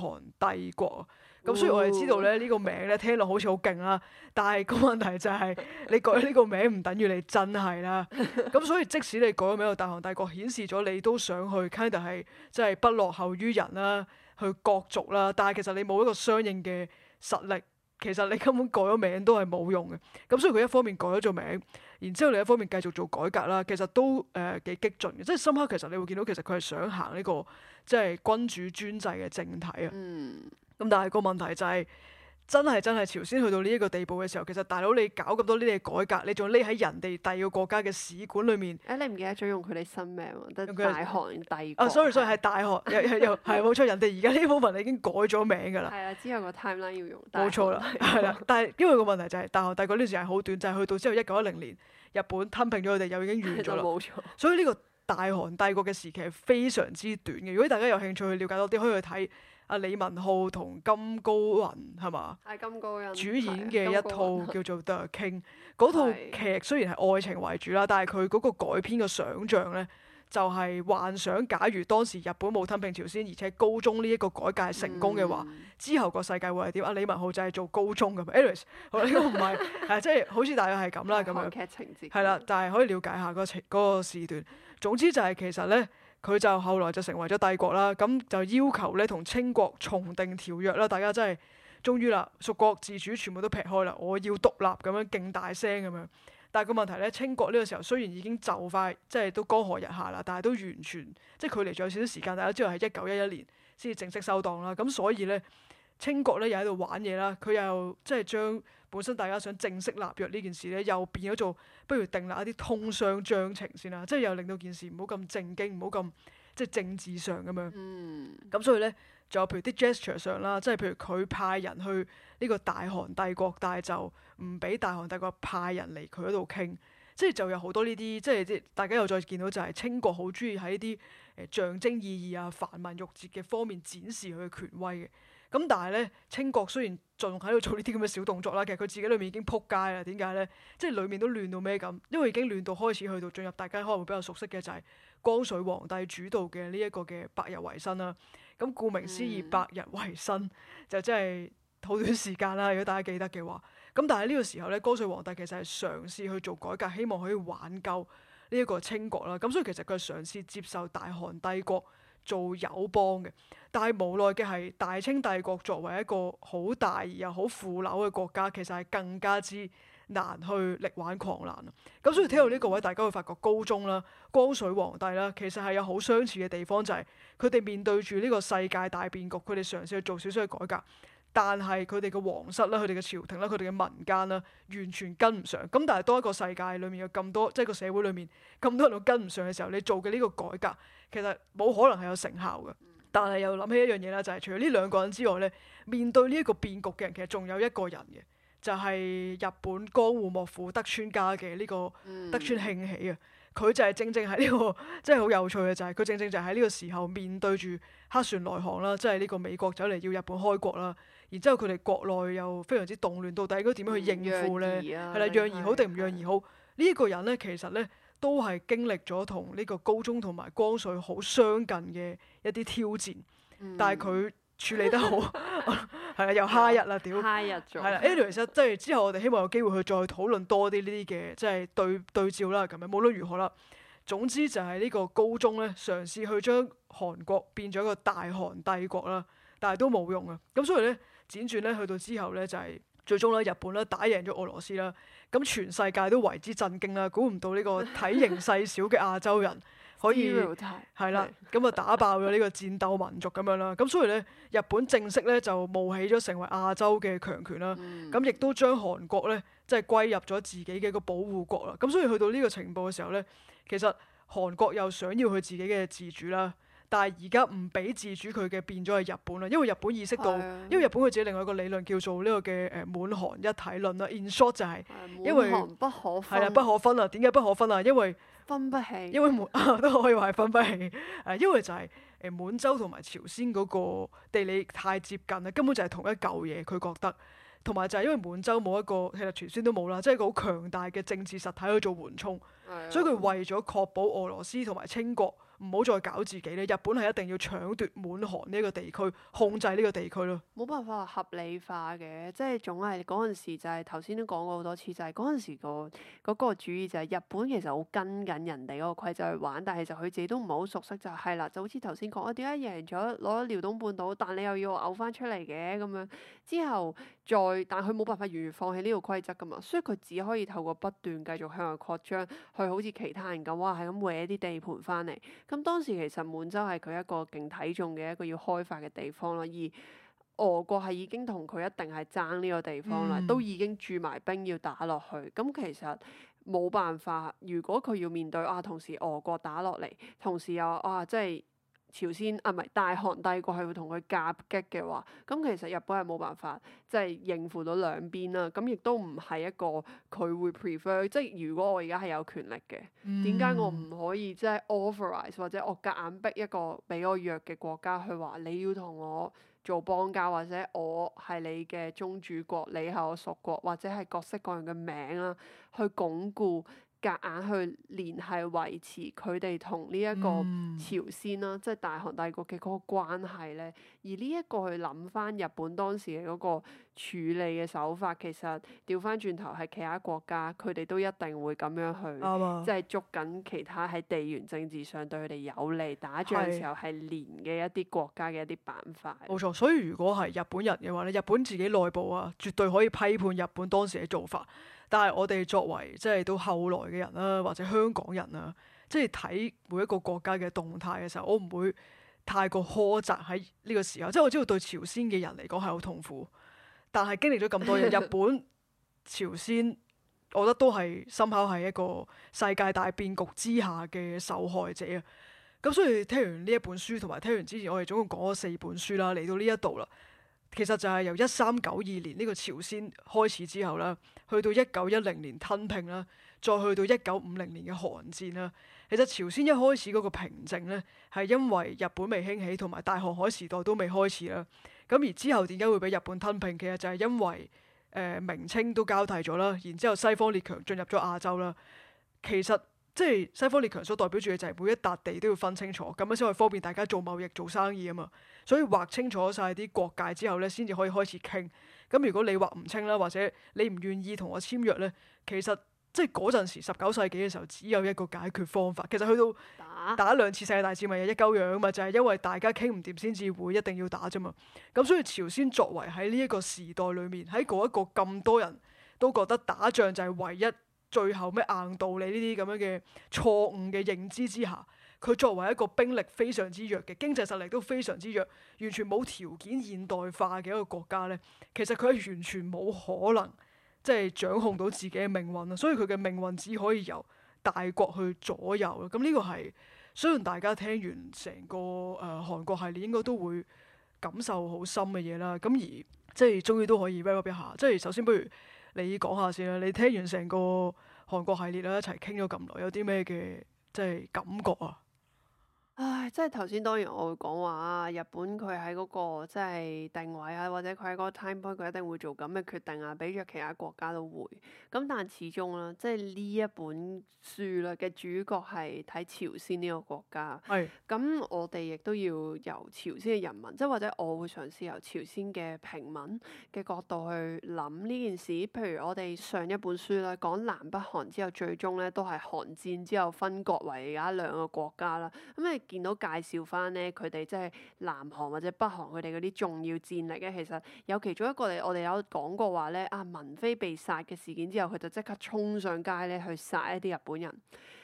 韓帝國，咁所以我哋知道咧呢個名咧聽落好似好勁啦，但係個問題就係你改呢個名唔等於你真係啦，咁 所以即使你改咗名有大韓帝國，顯示咗你都想去，kind of 但係即係不落後於人啦，去角逐啦，但係其實你冇一個相應嘅實力。其實你根本改咗名都係冇用嘅，咁所以佢一方面改咗做名，然之後另一方面繼續做改革啦。其實都誒幾、呃、激進嘅，即係深刻。其實你會見到其實佢係想行呢、這個即係君主專制嘅政體啊。咁、嗯、但係個問題就係、是。真係真係，朝鮮去到呢一個地步嘅時候，其實大佬你搞咁多呢啲改革，你仲匿喺人哋第二個國家嘅使館裏面。誒、哎，你唔記得咗用佢哋新名，得大韓帝國。啊，sorry sorry 係大韓 又又又係冇錯，人哋而家呢部分已經改咗名㗎啦。係啊， 之後個 timeline 要用大韓帝國。冇錯啦，係啦，但係因為個問題就係大韓帝國呢段時間好短，就係、是、去到之後一九一零年，日本吞併咗佢哋又已經完咗啦。冇錯。所以呢個大韓帝國嘅時期係非常之短嘅。如果大家有興趣去了解多啲，可以去睇。阿李文浩同金高銀係嘛？係金高銀主演嘅一套叫做《The King》嗰套劇，雖然係愛情為主啦，但係佢嗰個改編嘅想像咧，就係幻想假如當時日本冇吞並朝鮮，而且高中呢一個改革係成功嘅話，嗯、之後個世界會係點？阿李文浩就係做高中㗎嘛，Eris，好呢個唔係係即係好似大約係咁啦，咁樣。 樣劇情節係啦，但係可以了解下個情個時段。總之就係其實咧。佢就後來就成為咗帝國啦，咁就要求咧同清國重定條約啦。大家真係終於啦，屬國自主全部都劈開啦，我要獨立咁樣勁大聲咁樣。但係個問題咧，清國呢個時候雖然已經就快即係都江河日下啦，但係都完全即係距離仲有少少時間。大家知道係一九一一年先正式收檔啦。咁所以咧，清國咧又喺度玩嘢啦，佢又即係將，本身大家想正式立約呢件事咧，又變咗做不如訂立一啲通商章程先啦，即係又令到件事唔好咁正經，唔好咁即係政治上咁樣。咁、嗯、所以咧，仲有譬如啲 gesture 上啦，即係譬如佢派人去呢個大韓帝國，但係就唔俾大韓帝國派人嚟佢嗰度傾，即係就有好多呢啲，即係大家又再見到就係清國好中意喺啲誒象徵意義啊、繁文縟節嘅方面展示佢嘅權威嘅。咁但係咧，清國雖然仲喺度做呢啲咁嘅小動作啦，其實佢自己裏面已經撲街啦。點解咧？即係裏面都亂到咩咁？因為已經亂到開始去到進入大家可能會比較熟悉嘅就係光緒皇帝主導嘅呢一個嘅百日維新啦。咁顧名思義，百日維新、嗯、就真係好短時間啦。如果大家記得嘅話，咁但係呢個時候咧，光緒皇帝其實係嘗試去做改革，希望可以挽救呢一個清國啦。咁所以其實佢係嘗試接受大韓帝國。做友邦嘅，但係無奈嘅係，大清帝國作為一個好大又好腐朽嘅國家，其實係更加之難去力挽狂瀾。咁所以聽到呢個位，大家會發覺，高宗啦、光緒皇帝啦，其實係有好相似嘅地方，就係佢哋面對住呢個世界大變局，佢哋嘗試去做少少嘅改革。但係佢哋嘅皇室咧、佢哋嘅朝廷咧、佢哋嘅民間咧，完全跟唔上。咁但係當一個世界裏面有咁多，即係個社會裏面咁多人都跟唔上嘅時候，你做嘅呢個改革其實冇可能係有成效嘅。但係又諗起一樣嘢啦，就係除咗呢兩個人之外咧，面對呢一個變局嘅人其實仲有一個人嘅，就係日本江戶幕府德川家嘅呢個德川慶喜啊。佢就係正正喺呢、這個，即係好有趣嘅就係、是、佢正正就係喺呢個時候面對住黑船來航啦，即係呢個美國走嚟要日本開國啦，然之後佢哋國內又非常之動亂，到底應該點樣去應付咧？係啦、嗯，攘夷，的夷好定唔攘夷好？呢一個人咧，其實咧都係經歷咗同呢個高宗同埋光緒好相近嘅一啲挑戰，嗯、但係佢。處理得好，係啦， 又 high 日啦，屌 high 日咗，係啦。呢其實即係之後，我哋希望有機會去再討論多啲呢啲嘅，即係對對照啦。今日無論如何啦，總之就係呢個高中咧，嘗試去將韓國變咗一個大韓帝國啦，但係都冇用啊。咁所以咧，輾轉咧去到之後咧，就係最終咧，日本咧打贏咗俄羅斯啦，咁全世界都為之震驚啦。估唔到呢個體型細小嘅亞洲人。 可以係啦，咁啊打爆咗呢個戰鬥民族咁樣啦，咁所以咧，日本正式咧就冒起咗成為亞洲嘅強權啦，咁亦、嗯、都將韓國咧即係歸入咗自己嘅一個保護國啦。咁所以去到呢個情節嘅時候咧，其實韓國又想要佢自己嘅自主啦，但係而家唔俾自主佢嘅變咗係日本啦，因為日本意識到，啊、因為日本佢自己另外一個理論叫做呢個嘅誒滿韓一體論啦，In short 就係因為滿韓不可分，係啦、啊、不可分啦、啊，點解不可分啊？因為分不起，因為滿都 可以話係分不起，誒， 因為就係、是、誒滿洲同埋朝鮮嗰個地理太接近啦，根本就係同一舊嘢，佢覺得，同埋就係因為滿洲冇一個，其實朝鮮都冇啦，即、就、係、是、一個好強大嘅政治實體去做緩衝， 所以佢為咗確保俄羅斯同埋清國。唔好再搞自己咧！日本係一定要搶奪滿韓呢個地區，控制呢個地區咯。冇辦法合理化嘅，即係總係嗰陣時就係頭先都講過好多次，就係嗰陣時個嗰、嗰個主意就係日本其實好跟緊人哋嗰個規則去玩，但係其實佢自己都唔好熟悉就係係啦，就好似頭先講啊，點解贏咗攞咗遼東半島，但你又要我嘔、呃、翻出嚟嘅咁樣？之後再，但係佢冇辦法完全放棄呢個規則噶嘛，所以佢只可以透過不斷繼續向外擴張，佢好似其他人咁話係咁搲啲地盤翻嚟。咁當時其實滿洲係佢一個勁睇重嘅一個要開發嘅地方咯，而俄國係已經同佢一定係爭呢個地方啦，嗯、都已經駐埋兵要打落去。咁其實冇辦法，如果佢要面對啊，同時俄國打落嚟，同時又啊，即係。朝鮮啊，唔係大韓帝國係會同佢夾擊嘅話，咁其實日本係冇辦法即係、就是、應付到兩邊啦。咁亦都唔係一個佢會 prefer。即係如果我而家係有權力嘅，點解、嗯、我唔可以即係 authorize 或者我夾硬逼一個比我弱嘅國家去話你要同我做邦交，或者我係你嘅宗主國，你係我屬國，或者係各式各樣嘅名啦，去鞏固。夾硬去聯繫維持佢哋同呢一個朝鮮啦，嗯、即係大韓帝國嘅嗰個關係咧。而呢一個去諗翻日本當時嘅嗰個處理嘅手法，其實調翻轉頭係其他國家，佢哋都一定會咁樣去，即係、嗯、捉緊其他喺地緣政治上對佢哋有利打仗嘅時候係連嘅一啲國家嘅一啲板塊。冇錯，所以如果係日本人嘅話咧，日本自己內部啊，絕對可以批判日本當時嘅做法。但係我哋作為即係到後來嘅人啦、啊，或者香港人啊，即係睇每一個國家嘅動態嘅時候，我唔會太過苛責喺呢個時候。即係我知道對朝鮮嘅人嚟講係好痛苦，但係經歷咗咁多嘢，日本、朝鮮，我覺得都係深刻係一個世界大變局之下嘅受害者啊。咁所以聽完呢一本書，同埋聽完之前我哋總共講咗四本書啦，嚟到呢一度啦。其實就係由一三九二年呢個朝鮮開始之後啦，去到一九一零年吞併啦，再去到一九五零年嘅韓戰啦。其實朝鮮一開始嗰個平靜咧，係因為日本未興起同埋大航海時代都未開始啦。咁而之後點解會俾日本吞併？其實就係因為誒明、呃、清都交替咗啦，然之後西方列強進入咗亞洲啦。其實。即係西方列強所代表住嘅就係每一笪地都要分清楚，咁樣先可以方便大家做貿易做生意啊嘛。所以劃清楚晒啲國界之後咧，先至可以開始傾。咁如果你劃唔清啦，或者你唔願意同我簽約咧，其實即係嗰陣時十九世紀嘅時候，只有一個解決方法。其實去到打打兩次世界大戰咪一鳩樣嘛，就係、是、因為大家傾唔掂先至會一定要打啫嘛。咁所以朝鮮作為喺呢一個時代裏面，喺嗰一個咁多人都覺得打仗就係唯一。最後咩硬道理，呢啲咁樣嘅錯誤嘅認知之下，佢作為一個兵力非常之弱嘅，經濟實力都非常之弱，完全冇條件現代化嘅一個國家咧，其實佢係完全冇可能即係、就是、掌控到自己嘅命運。所以佢嘅命運只可以由大國去左右咯。咁呢個係雖然大家聽完成個誒、呃、韓國系列應該都會感受好深嘅嘢啦。咁而即係終於都可以 relive 一下。即係首先不如。你講下先啦，你聽完成個韓國系列啦，一齊傾咗咁耐，有啲咩嘅，即係感覺啊？唉，即係頭先當然我會講話啊，日本佢喺嗰個即係定位啊，或者佢喺嗰個 time point 佢一定會做咁嘅決定啊，比咗其他國家都會。咁但係始終啦，即係呢一本書啦嘅主角係睇朝鮮呢個國家。係是。咁我哋亦都要由朝鮮嘅人民，即係或者我會嘗試由朝鮮嘅平民嘅角度去諗呢件事。譬如我哋上一本書啦，講南北韓之後，最終咧都係韓戰之後分國為而家兩個國家啦。咁你。見到介紹翻咧，佢哋即係南韓或者北韓佢哋嗰啲重要戰力咧，其實有其中一個我哋有講過話咧，啊文飛被殺嘅事件之後，佢就即刻衝上街咧去殺一啲日本人。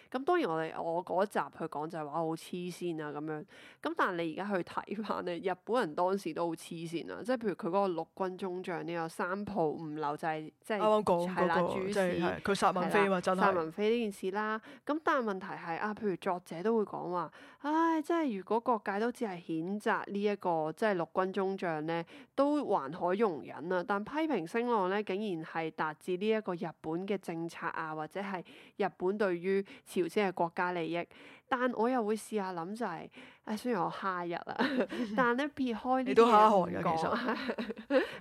咁當然我哋我嗰集去講就係話好黐線啊咁樣。咁但係你而家去睇翻咧，日本人當時都好黐線啊，即係譬如佢嗰個陸軍中將呢個三浦五留就係、即係係啦，主事佢殺文飛嘛，啦的殺文飛呢件事啦。咁但係問題係啊，譬如作者都會講話。唉，真係如果各界都只係譴責呢一個即係陸軍中將咧，都還可容忍啊。但批評聲浪咧，竟然係達至呢一個日本嘅政策啊，或者係日本對於朝鮮嘅國家利益。但我又會試下諗就係、是，誒雖然我蝦日啦，但咧 撇開呢啲嘢唔講，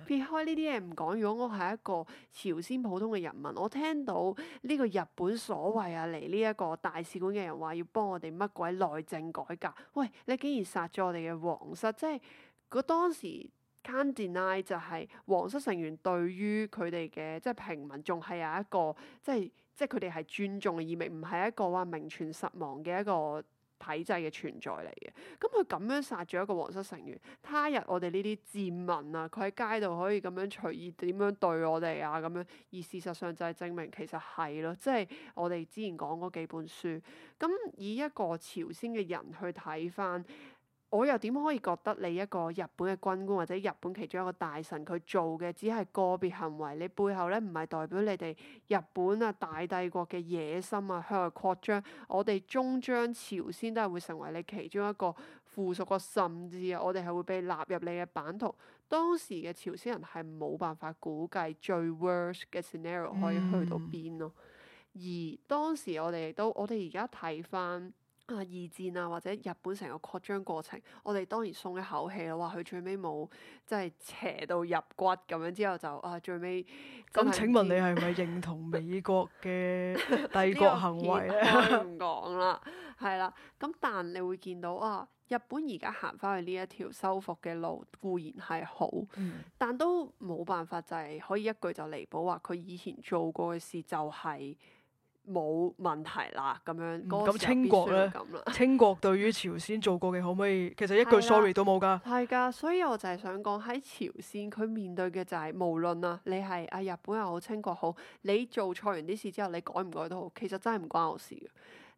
撇開呢啲嘢唔講，如果我係一個朝鮮普通嘅人民，我聽到呢個日本所謂啊嚟呢一個大使館嘅人話要幫我哋乜鬼內政改革，喂，你竟然殺咗我哋嘅皇室，即係嗰當時 can't deny 就係皇室成員對於佢哋嘅即係平民仲係有一個即係。即係佢哋係尊重嘅意味，唔係一個話名存實亡嘅一個體制嘅存在嚟嘅。咁佢咁樣殺咗一個皇室成員，他日我哋呢啲賤民啊，佢喺街度可以咁樣隨意點樣對我哋啊咁樣。而事實上就係證明其實係咯，即係我哋之前講過幾本書。咁、嗯、以一個朝鮮嘅人去睇翻。我又點可以覺得你一個日本嘅軍官或者日本其中一個大臣佢做嘅只係個別行為？你背後咧，唔係代表你哋日本啊大帝國嘅野心啊向外擴張？我哋終將朝鮮都係會成為你其中一個附屬國，甚至啊，我哋係會被納入你嘅版圖。當時嘅朝鮮人係冇辦法估計最 worst 嘅 scenario 可以去到邊咯。而當時我哋亦都我哋而家睇翻。啊二戰啊或者日本成個擴張過程，我哋當然鬆一口氣咯。哇！佢最尾冇即係邪到入骨咁樣，之後就啊最尾咁。請問你係咪認同美國嘅帝國行為咧？我唔講啦，係啦。 咁 但你會見到啊，日本而家行翻去呢一條修復嘅路固然係好，嗯、但都冇辦法就係、是、可以一句就彌補話佢以前做過嘅事就係、是。冇問題啦，咁樣。咁清國咧，清國對於朝鮮做過嘅可唔可以？其實一句 sorry 都冇㗎。係㗎，所以我就係想講喺朝鮮，佢面對嘅就係、是、無論啊，你係啊日本又好，清國好，你做錯完啲事之後，你改唔改都好，其實真係唔關我的事的。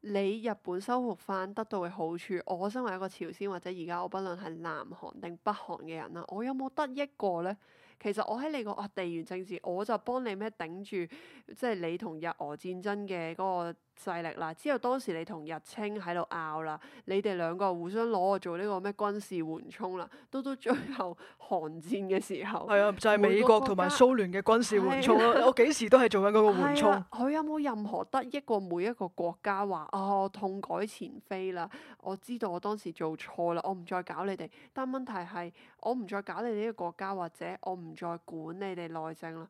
你日本收復翻得到嘅好處，我身為一個朝鮮或者而家我不論係南韓定北韓嘅人啦，我有冇得益過咧？其實，我喺你個啊地緣政治，我就幫你咩頂住，即係你同日俄戰爭嘅嗰個。勢力啦，之後當時你同日清喺度拗啦，你哋兩個互相攞我做呢個咩軍事緩衝啦，到到最後韓戰嘅時候，係啊，就係、是、美國同埋蘇聯嘅軍事緩衝啦。啊、我幾時都係做緊嗰個緩衝。佢、啊、有冇任何得益過每一個國家？話啊，我痛改前非啦，我知道我當時做錯啦，我唔再搞你哋。但問題係，我唔再搞你哋呢個國家，或者我唔再管你哋內政啦。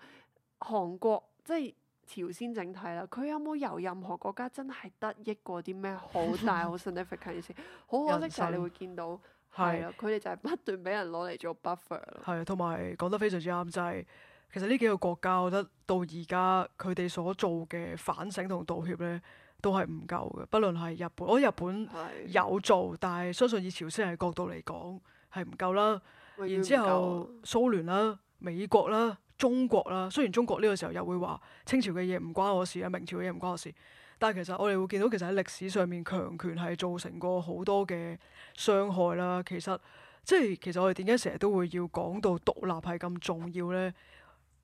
韓國即係。朝鮮整體啦，佢有冇由任何國家真係得益過啲咩好大好 significant 嘅事？好 可惜就係生你會見到係啦，佢哋就係不斷俾人攞嚟做 buffer。係啊，同埋講得非常之啱，就係、是、其實呢幾個國家，我覺得到而家佢哋所做嘅反省同道歉咧，都係唔夠嘅。不論係日本，我覺得日本有做，的但係相信以朝鮮人嘅角度嚟講係唔夠啦。嗯、然之後，後蘇聯啦、啊、美國啦、啊。中國啦，雖然中國呢個時候又會話清朝嘅嘢唔關我事啊，明朝嘅嘢唔關我事，但係其實我哋會見到其實喺歷史上面強權係造成過好多嘅傷害啦。其實即係其實我哋點解成日都會要講到獨立係咁重要呢？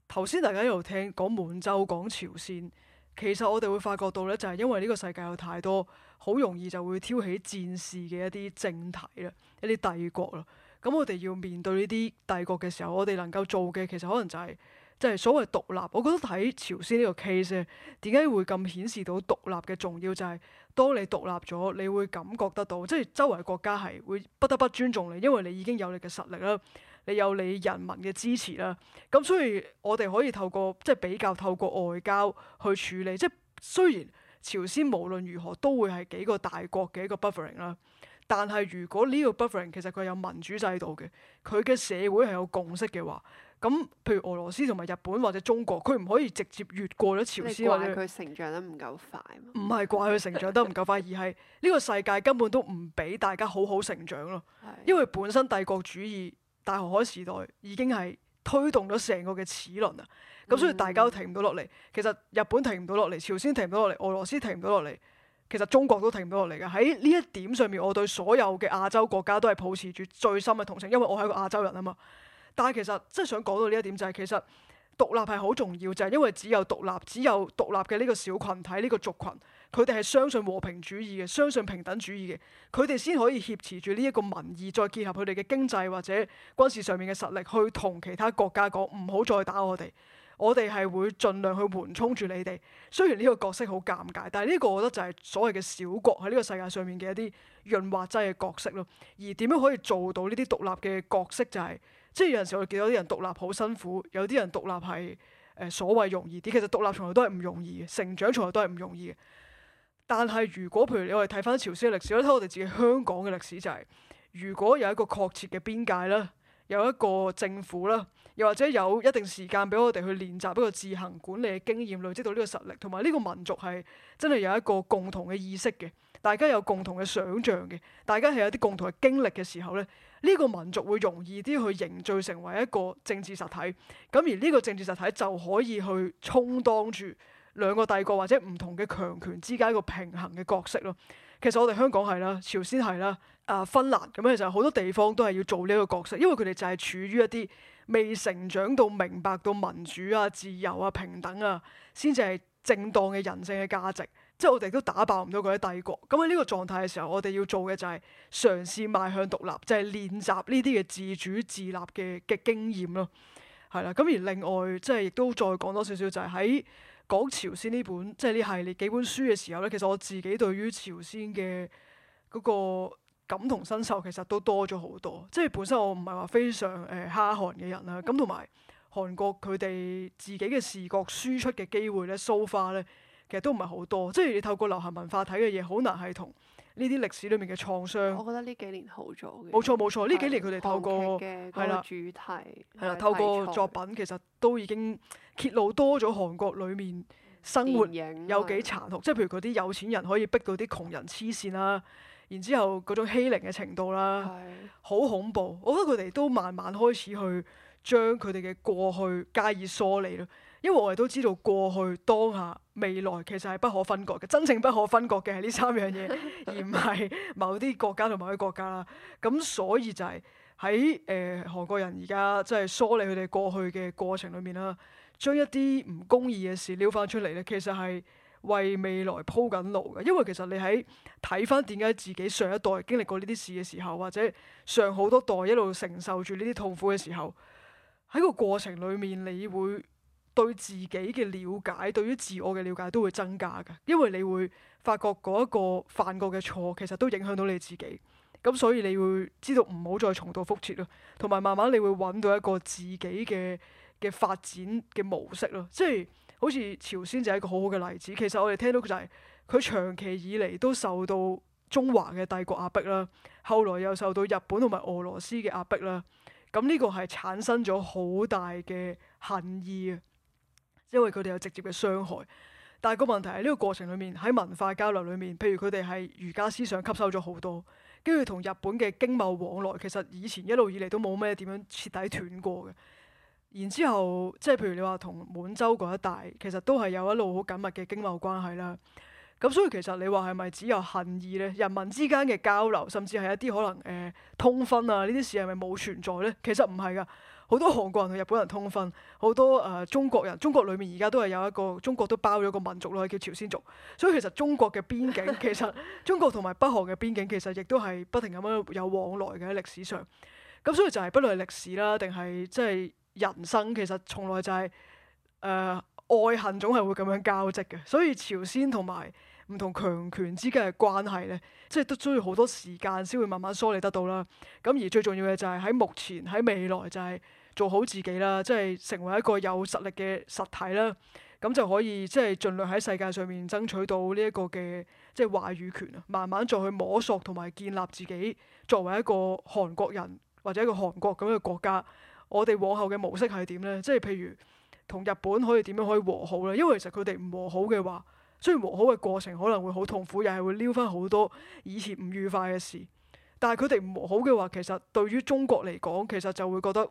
頭先大家一路聽講滿洲、講朝鮮，其實我哋會發覺到呢，就係因為呢個世界有太多好容易就會挑起戰事嘅一啲政體啦，一啲帝國啦。咁我哋要面對呢啲帝國嘅時候，我哋能夠做嘅其實可能就係即係所謂獨立。我覺得睇朝鮮呢個 case 咧，點解會咁顯示到獨立嘅重要？就係當你獨立咗，你會感覺得到，即係周圍國家係會不得不尊重你，因為你已經有你嘅實力啦，你有你人民嘅支持啦。咁所以我哋可以透過即係比較透過外交去處理，即係雖然朝鮮無論如何都會係幾個大國嘅一個 buffering 啦。但係如果呢個 buffering 其實佢有民主制度嘅，佢嘅社會係有共識嘅話，咁譬如俄羅斯同埋日本或者中國，佢唔可以直接越過咗朝鮮。你怪佢成長得唔夠快？唔係怪佢成長得唔夠快，而係呢個世界根本都唔俾大家好好成長咯。的因為本身帝國主義大航海時代已經係推動咗成個嘅齒輪啊，咁所以大家都停唔到落嚟。嗯、其實日本停唔到落嚟，朝鮮停唔到落嚟，俄羅斯停唔到落嚟。其實中國都停唔到落嚟嘅，喺呢一點上面，我對所有嘅亞洲國家都係抱持住最深嘅同情，因為我係一個亞洲人啊嘛。但係其實即係想講到呢一點，就是，就係其實獨立係好重要，就係因為只有獨立，只有獨立嘅呢個小群體，呢、呢個族群，佢哋係相信和平主義嘅，相信平等主義嘅，佢哋先可以挾持住呢一個民意，再結合佢哋嘅經濟或者軍事上面嘅實力，去同其他國家講，唔好再打我哋。我哋係會盡量去緩衝住你哋，雖然呢個角色好尷尬，但係呢個我覺得就係所謂嘅小國喺呢個世界上面嘅一啲潤滑劑嘅角色咯。而點樣可以做到呢啲獨立嘅角色、就係，就係即係有陣時我哋見到啲人獨立好辛苦，有啲人獨立係誒、呃、所謂容易啲，其實獨立從來都係唔容易嘅，成長從來都係唔容易嘅。但係如果譬如我哋睇翻朝鮮嘅歷史，或者睇我哋自己香港嘅歷史、就係，就係如果有一個確切嘅邊界咧。有一個政府啦，又或者有一定時間俾我哋去練習一個自行管理嘅經驗，累積到呢個實力，同埋呢個民族係真係有一個共同嘅意識嘅，大家有共同嘅想像嘅，大家係有啲共同嘅經歷嘅時候咧，呢個民族會容易啲去凝聚成為一個政治實體，咁而呢個政治實體就可以去充當住，兩個帝國或者唔同嘅強權之間個平衡嘅角色咯。其實我哋香港係啦，朝鮮係啦，啊芬蘭咁，其實好多地方都係要做呢一個角色，因為佢哋就係處於一啲未成長到明白到民主啊、自由啊、平等啊，先至係正當嘅人性嘅價值。即係我哋都打爆唔到嗰啲帝國。咁喺呢個狀態嘅時候，我哋要做嘅就係嘗試邁向獨立，就係練習呢啲嘅自主自立嘅嘅經驗咯。係啦，咁而另外即係亦都再講多少少就係喺。講朝鮮呢本即係呢系列幾本書嘅時候咧，其實我自己對於朝鮮嘅嗰個感同身受其實都多咗好多。即係本身我唔係話非常誒蝦韓嘅人啦。咁同埋韓國佢哋自己嘅視覺輸出嘅機會咧，so far 咧其實都唔係好多。即係你透過流行文化睇嘅嘢，好難係同。呢啲歷史裏面嘅創傷，我覺得呢幾年好咗。冇錯，冇錯，呢幾年佢哋透過係啦主題啦，的的透過作品其實都已經揭露多咗韓國裏面生活有幾殘酷，即係譬如嗰啲有錢人可以逼到啲窮人黐線啦，然後之後嗰種欺凌嘅程度啦，好的恐怖。我覺得佢哋都慢慢開始去將佢哋嘅過去加以梳理咯。因為我哋都知道過去、當下、未來其實係不可分割嘅，真正不可分割嘅係呢三樣嘢， 而唔係某啲國家同埋某啲國家啦。咁所以就係喺誒韓國人而家即係梳理佢哋過去嘅過程裏面啦，將一啲唔公義嘅事撩翻出嚟咧，其實係為未來鋪緊路嘅。因為其實你喺睇翻點解自己上一代經歷過呢啲事嘅時候，或者上好多代一路承受住呢啲痛苦嘅時候，喺個過程裏面你會。對自己嘅了解，對於自我嘅了解都會增加㗎，因為你會發覺嗰一個犯過嘅錯，其實都影響到你自己。咁所以你會知道唔好再重蹈覆轍咯，同埋慢慢你會揾到一個自己嘅嘅發展嘅模式咯。即係好似朝鮮就係一個好好嘅例子。其實我哋聽到佢就係、是、佢長期以嚟都受到中華嘅帝國壓迫啦，後來又受到日本同埋俄羅斯嘅壓迫啦。咁呢個係產生咗好大嘅恨意啊！因為佢哋有直接嘅傷害，但係個問題係呢個過程裏面，喺文化交流裏面，譬如佢哋係儒家思想吸收咗好多，跟住同日本嘅經貿往來，其實以前一路以嚟都冇咩點樣徹底斷過嘅。然之後即係譬如你話同滿洲嗰一帶，其實都係有一路好緊密嘅經貿關係啦。咁所以其實你話係咪只有恨意咧？人民之間嘅交流，甚至係一啲可能誒、呃、通婚啊呢啲事係咪冇存在咧？其實唔係噶。好多韓國人同日本人通婚，好多誒、呃、中國人，中國裏面而家都係有一個中國都包咗個民族咯，叫朝鮮族。所以其實中國嘅邊境 其實，中國同埋北韓嘅邊境其實亦都係不停咁樣有往來嘅喺歷史上。咁所以就係不論係歷史啦，定係即係人生，其實從來就係、是、誒、呃、愛恨總係會咁樣交織嘅。所以朝鮮同埋同強權之間嘅關係咧，即係都需要好多時間先會慢慢梳理得到啦。咁而最重要嘅就係喺目前喺未來就係做好自己啦，即係成為一個有實力嘅實體啦。咁就可以即係盡量喺世界上面爭取到呢一個嘅即係話語權啊。慢慢再去摸索同埋建立自己作為一個韓國人或者一個韓國咁嘅國家，我哋往後嘅模式係點咧？即係譬如同日本可以點樣可以和好咧？因為其實佢哋唔和好嘅話。雖然和好嘅過程可能會好痛苦，又係會撩翻好多以前唔愉快嘅事，但係佢哋唔和好嘅話，其實對於中國嚟講，其實就會覺得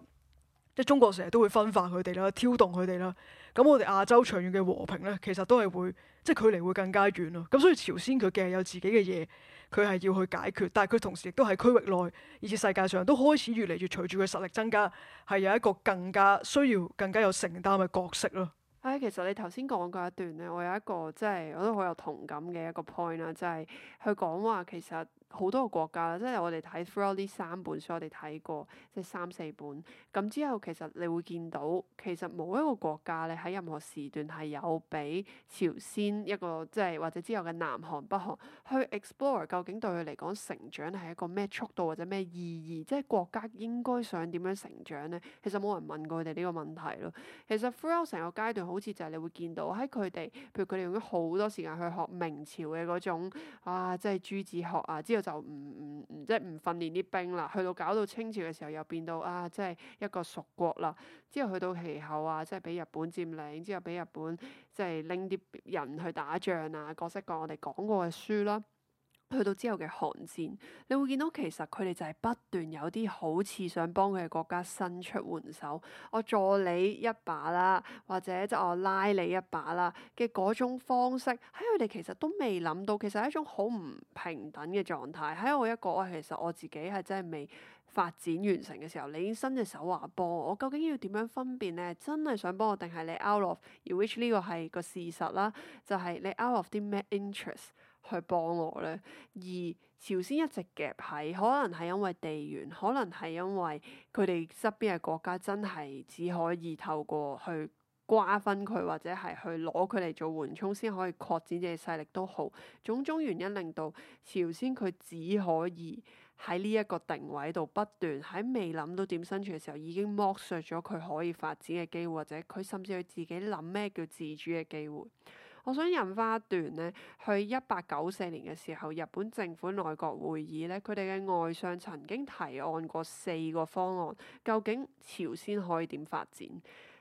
即中國成日都會分化佢哋啦、挑動佢哋啦。咁我哋亞洲長遠嘅和平咧，其實都係會即距離會更加遠咯。咁所以朝鮮佢嘅有自己嘅嘢，佢係要去解決，但係佢同時亦都喺區域內，而且世界上都開始越嚟越隨住佢實力增加，係有一個更加需要、更加有承擔嘅角色咯。唉、哎，其實你頭先講嗰一段咧，我有一個即係我都好有同感嘅一個 point 啦，就係佢講話其實。好多個國家啦，即係我哋睇《fraud》呢三本書，所以我哋睇過即係三四本，咁之後其實你會見到，其實冇一個國家咧喺任何時段係有比朝鮮一個即係或者之後嘅南韓北韓去 explore 究竟對佢嚟講成長係一個咩速度或者咩意義，即係國家應該想點樣成長咧？其實冇人問過佢哋呢個問題咯。其實《fraud》成個階段好似就係你會見到喺佢哋，譬如佢哋用咗好多時間去學明朝嘅嗰種啊，即係朱子學啊，之後。 就唔唔唔，即係唔訓練啲兵啦，去到搞到清朝嘅時候又變到啊，即係一個屬國啦。之後去到其後啊，即係俾日本佔領，之後俾日本即係拎啲人去打仗啊，各式各我哋講過嘅書啦。去到之後嘅寒戰，你會見到其實佢哋就係不斷有啲好似想幫佢哋國家伸出援手，我助你一把啦，或者即係我拉你一把啦嘅嗰種方式，喺佢哋其實都未諗到，其實係一種好唔平等嘅狀態。喺我一個，我其實我自己係真係未發展完成嘅時候，你已經伸隻手話幫我，我究竟要點樣分辨咧？真係想幫我定係你 out of？而 which 呢個係個事實啦，就係你 out of 啲咩 interest？去幫我咧，而朝鮮一直夾喺，可能係因為地緣，可能係因為佢哋側邊嘅國家真係只可以透過去瓜分佢，或者係去攞佢嚟做緩衝，先可以擴展自己勢力都好。種種原因令到朝鮮佢只可以喺呢一個定位度不斷喺未諗到點生存嘅時候，已經剝削咗佢可以發展嘅機會，或者佢甚至佢自己諗咩叫自主嘅機會。我想引翻一段咧，去一八九四年嘅時候，日本政府內閣會議咧，佢哋嘅外相曾經提案過四個方案，究竟朝鮮可以點發展？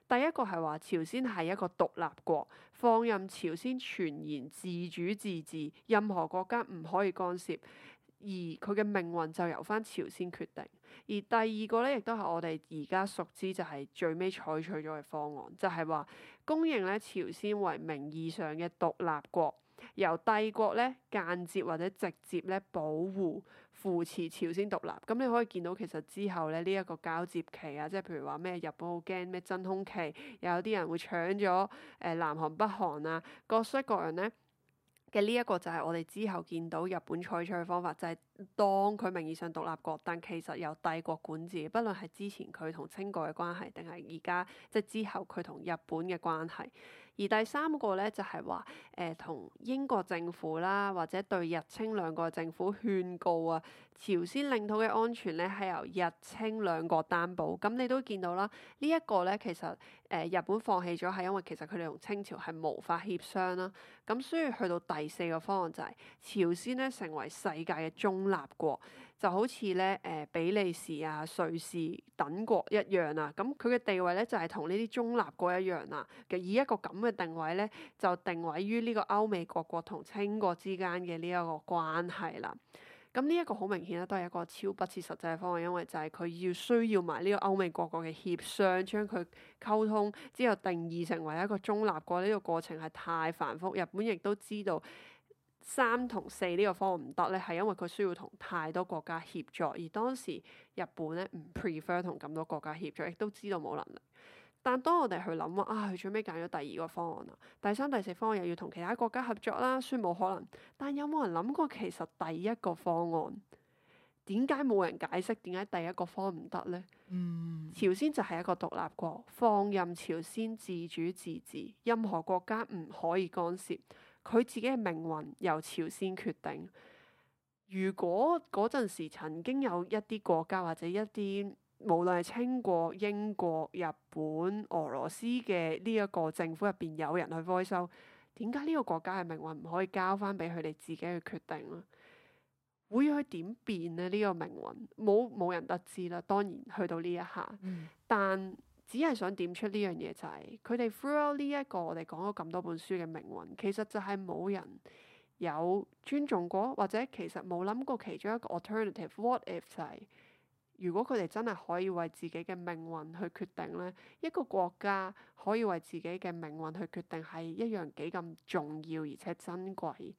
第一個係話朝鮮係一個獨立國，放任朝鮮全然自主自治，任何國家唔可以干涉，而佢嘅命運就由翻朝鮮決定。而第二個咧，亦都係我哋而家熟知，就係最尾採取咗嘅方案，就係話公認咧朝鮮為名義上嘅獨立國，由帝國咧間接或者直接咧保護扶持朝鮮獨立。咁你可以見到其實之後咧呢一個交接期啊，即係譬如話咩日本好驚咩真空期，有啲人會搶咗誒南韓北韓啊，各式各人咧。嘅呢一個就係我哋之後見到日本採取嘅方法，就係、是、當佢名義上獨立國，但其實由帝國管治。不論係之前佢同清國嘅關係，定係而家即係之後佢同日本嘅關係。而第三個咧就係、是、話，誒、呃、同英國政府啦，或者對日清兩個政府勸告啊。朝鮮領土嘅安全咧係由日清兩國擔保，咁你都見到啦。這個、呢一個咧其實誒、呃、日本放棄咗，係因為其實佢哋同清朝係無法協商啦。咁所以去到第四個方案就係、是、朝鮮咧成為世界嘅中立國，就好似咧誒比利時啊、瑞士等國一樣啊。咁佢嘅地位咧就係同呢啲中立國一樣啊。以一個咁嘅定位咧，就定位於呢個歐美各國同清國之間嘅呢一個關係啦。咁呢一個好明顯咧，都係一個超不切實際嘅方案，因為就係佢要需要埋呢個歐美各國嘅協商，將佢溝通之後定義成為一個中立國呢個過程係太繁複。日本亦都知道三同四呢個方案唔得咧，係因為佢需要同太多國家協作，而當時日本咧唔 prefer 同咁多國家協作，亦都知道冇能力。但當我哋去諗啊，佢最尾揀咗第二個方案啊，第三、第四方案又要同其他國家合作啦，算冇可能。但有冇人諗過其實第一個方案點解冇人解釋？點解第一個方案唔得咧？嗯，朝鮮就係一個獨立國，放任朝鮮自主自治，任何國家唔可以干涉佢自己嘅命運，由朝鮮決定。如果嗰陣時曾經有一啲國家或者一啲無論係清國、英國、日本、俄羅斯嘅呢一個政府入邊有人去回收，點解呢個國家嘅命運唔可以交翻俾佢哋自己去決定咯？會去點變呢？呢、呢個命運冇冇人得知啦。當然去到呢一下，嗯、但只係想點出呢樣嘢就係佢哋 through 呢一個我哋講咗咁多本書嘅命運，其實就係冇人有尊重過，或者其實冇諗過其中一個 alternative。What if 就係、是？如果佢哋真係可以為自己嘅命運去決定咧，一個國家可以為自己嘅命運去決定係一樣幾咁重要而且珍貴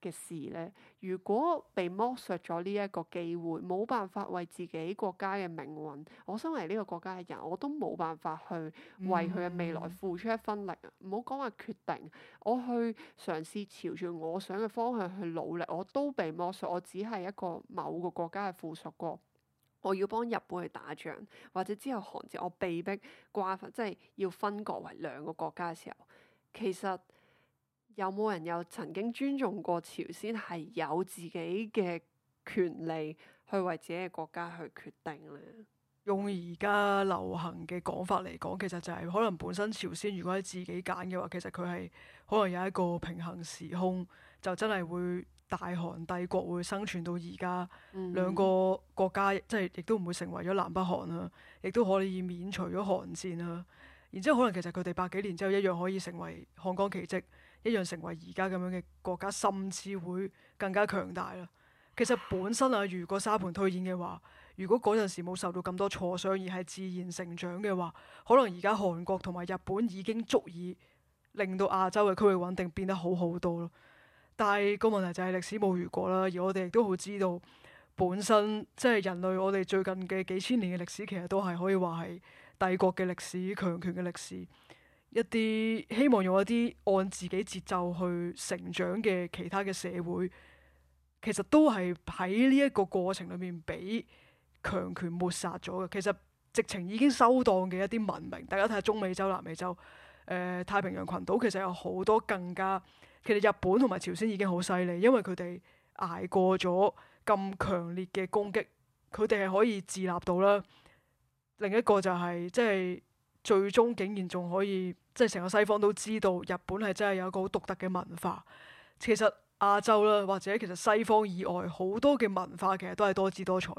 嘅事咧。如果被剝削咗呢一個機會，冇辦法為自己國家嘅命運，我身為呢個國家嘅人，我都冇辦法去為佢嘅未來付出一分力啊。唔好講話決定，我去嘗試朝住我想嘅方向去努力，我都被剝削，我只係一個某個國家嘅附屬國。我要幫日本去打仗，或者之後韓戰我被迫瓜分，即係要分割為兩個國家嘅時候，其實有冇人有曾經尊重過朝鮮係有自己嘅權利去為自己嘅國家去決定咧？用而家流行嘅講法嚟講，其實就係可能本身朝鮮如果係自己揀嘅話，其實佢係可能有一個平行時空，就真係會。大韓帝國會生存到而家，嗯、兩個國家即係亦都唔會成為咗南北韓啦，亦都可以免除咗韓戰啦。然之後可能其實佢哋百幾年之後一樣可以成為漢江奇蹟，一樣成為而家咁樣嘅國家，甚至會更加強大啦。其實本身啊，如果沙盤推演嘅話，如果嗰陣時冇受到咁多挫傷而係自然成長嘅話，可能而家韓國同埋日本已經足以令到亞洲嘅區域穩定變得好好多咯。但係個問題就係歷史冇如果啦，而我哋亦都好知道本身即係、就是、人類，我哋最近嘅幾千年嘅歷史，其實都係可以話係帝國嘅歷史、強權嘅歷史，一啲希望用一啲按自己節奏去成長嘅其他嘅社會，其實都係喺呢一個過程裏面俾強權抹殺咗嘅。其實直情已經收檔嘅一啲文明，大家睇下中美洲、南美洲、誒、呃、太平洋群島，其實有好多更加。其實日本同埋朝鮮已經好犀利，因為佢哋捱過咗咁強烈嘅攻擊，佢哋係可以自立到啦。另一個就係，即係最終竟然仲可以，即係成個西方都知道日本係真係有一個好獨特嘅文化。其實亞洲啦，或者其實西方以外好多嘅文化其實都係多姿多彩，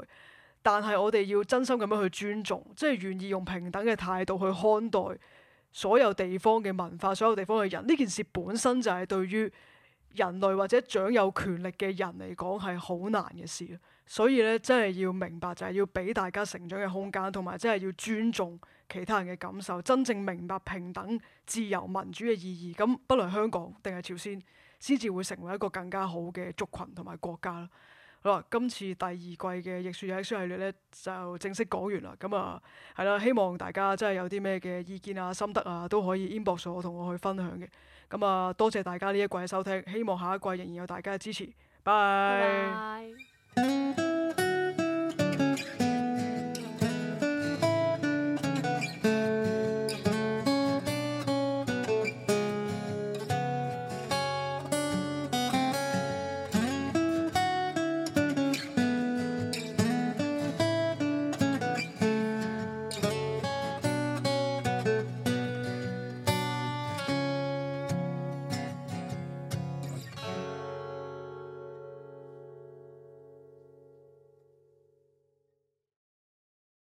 但係我哋要真心咁樣去尊重，即係願意用平等嘅態度去看待。所有地方嘅文化，所有地方嘅人，呢件事本身就係對於人類或者掌有權力嘅人嚟講係好難嘅事。所以咧，真係要明白，就係要俾大家成長嘅空間，同埋真係要尊重其他人嘅感受，真正明白平等、自由、民主嘅意義。咁不論香港定係朝鮮先至會成為一個更加好嘅族群同埋國家啦。好啦、啊，今次第二季嘅《逆說有益書》系列呢，就正式講完啦。咁、嗯、啊，係、嗯、啦，希望大家真係有啲咩嘅意見啊、心得啊，都可以 inbox 我同我去分享嘅。咁、嗯、啊、嗯，多謝大家呢一季嘅收聽，希望下一季仍然有大家嘅支持。拜拜 Bye bye.。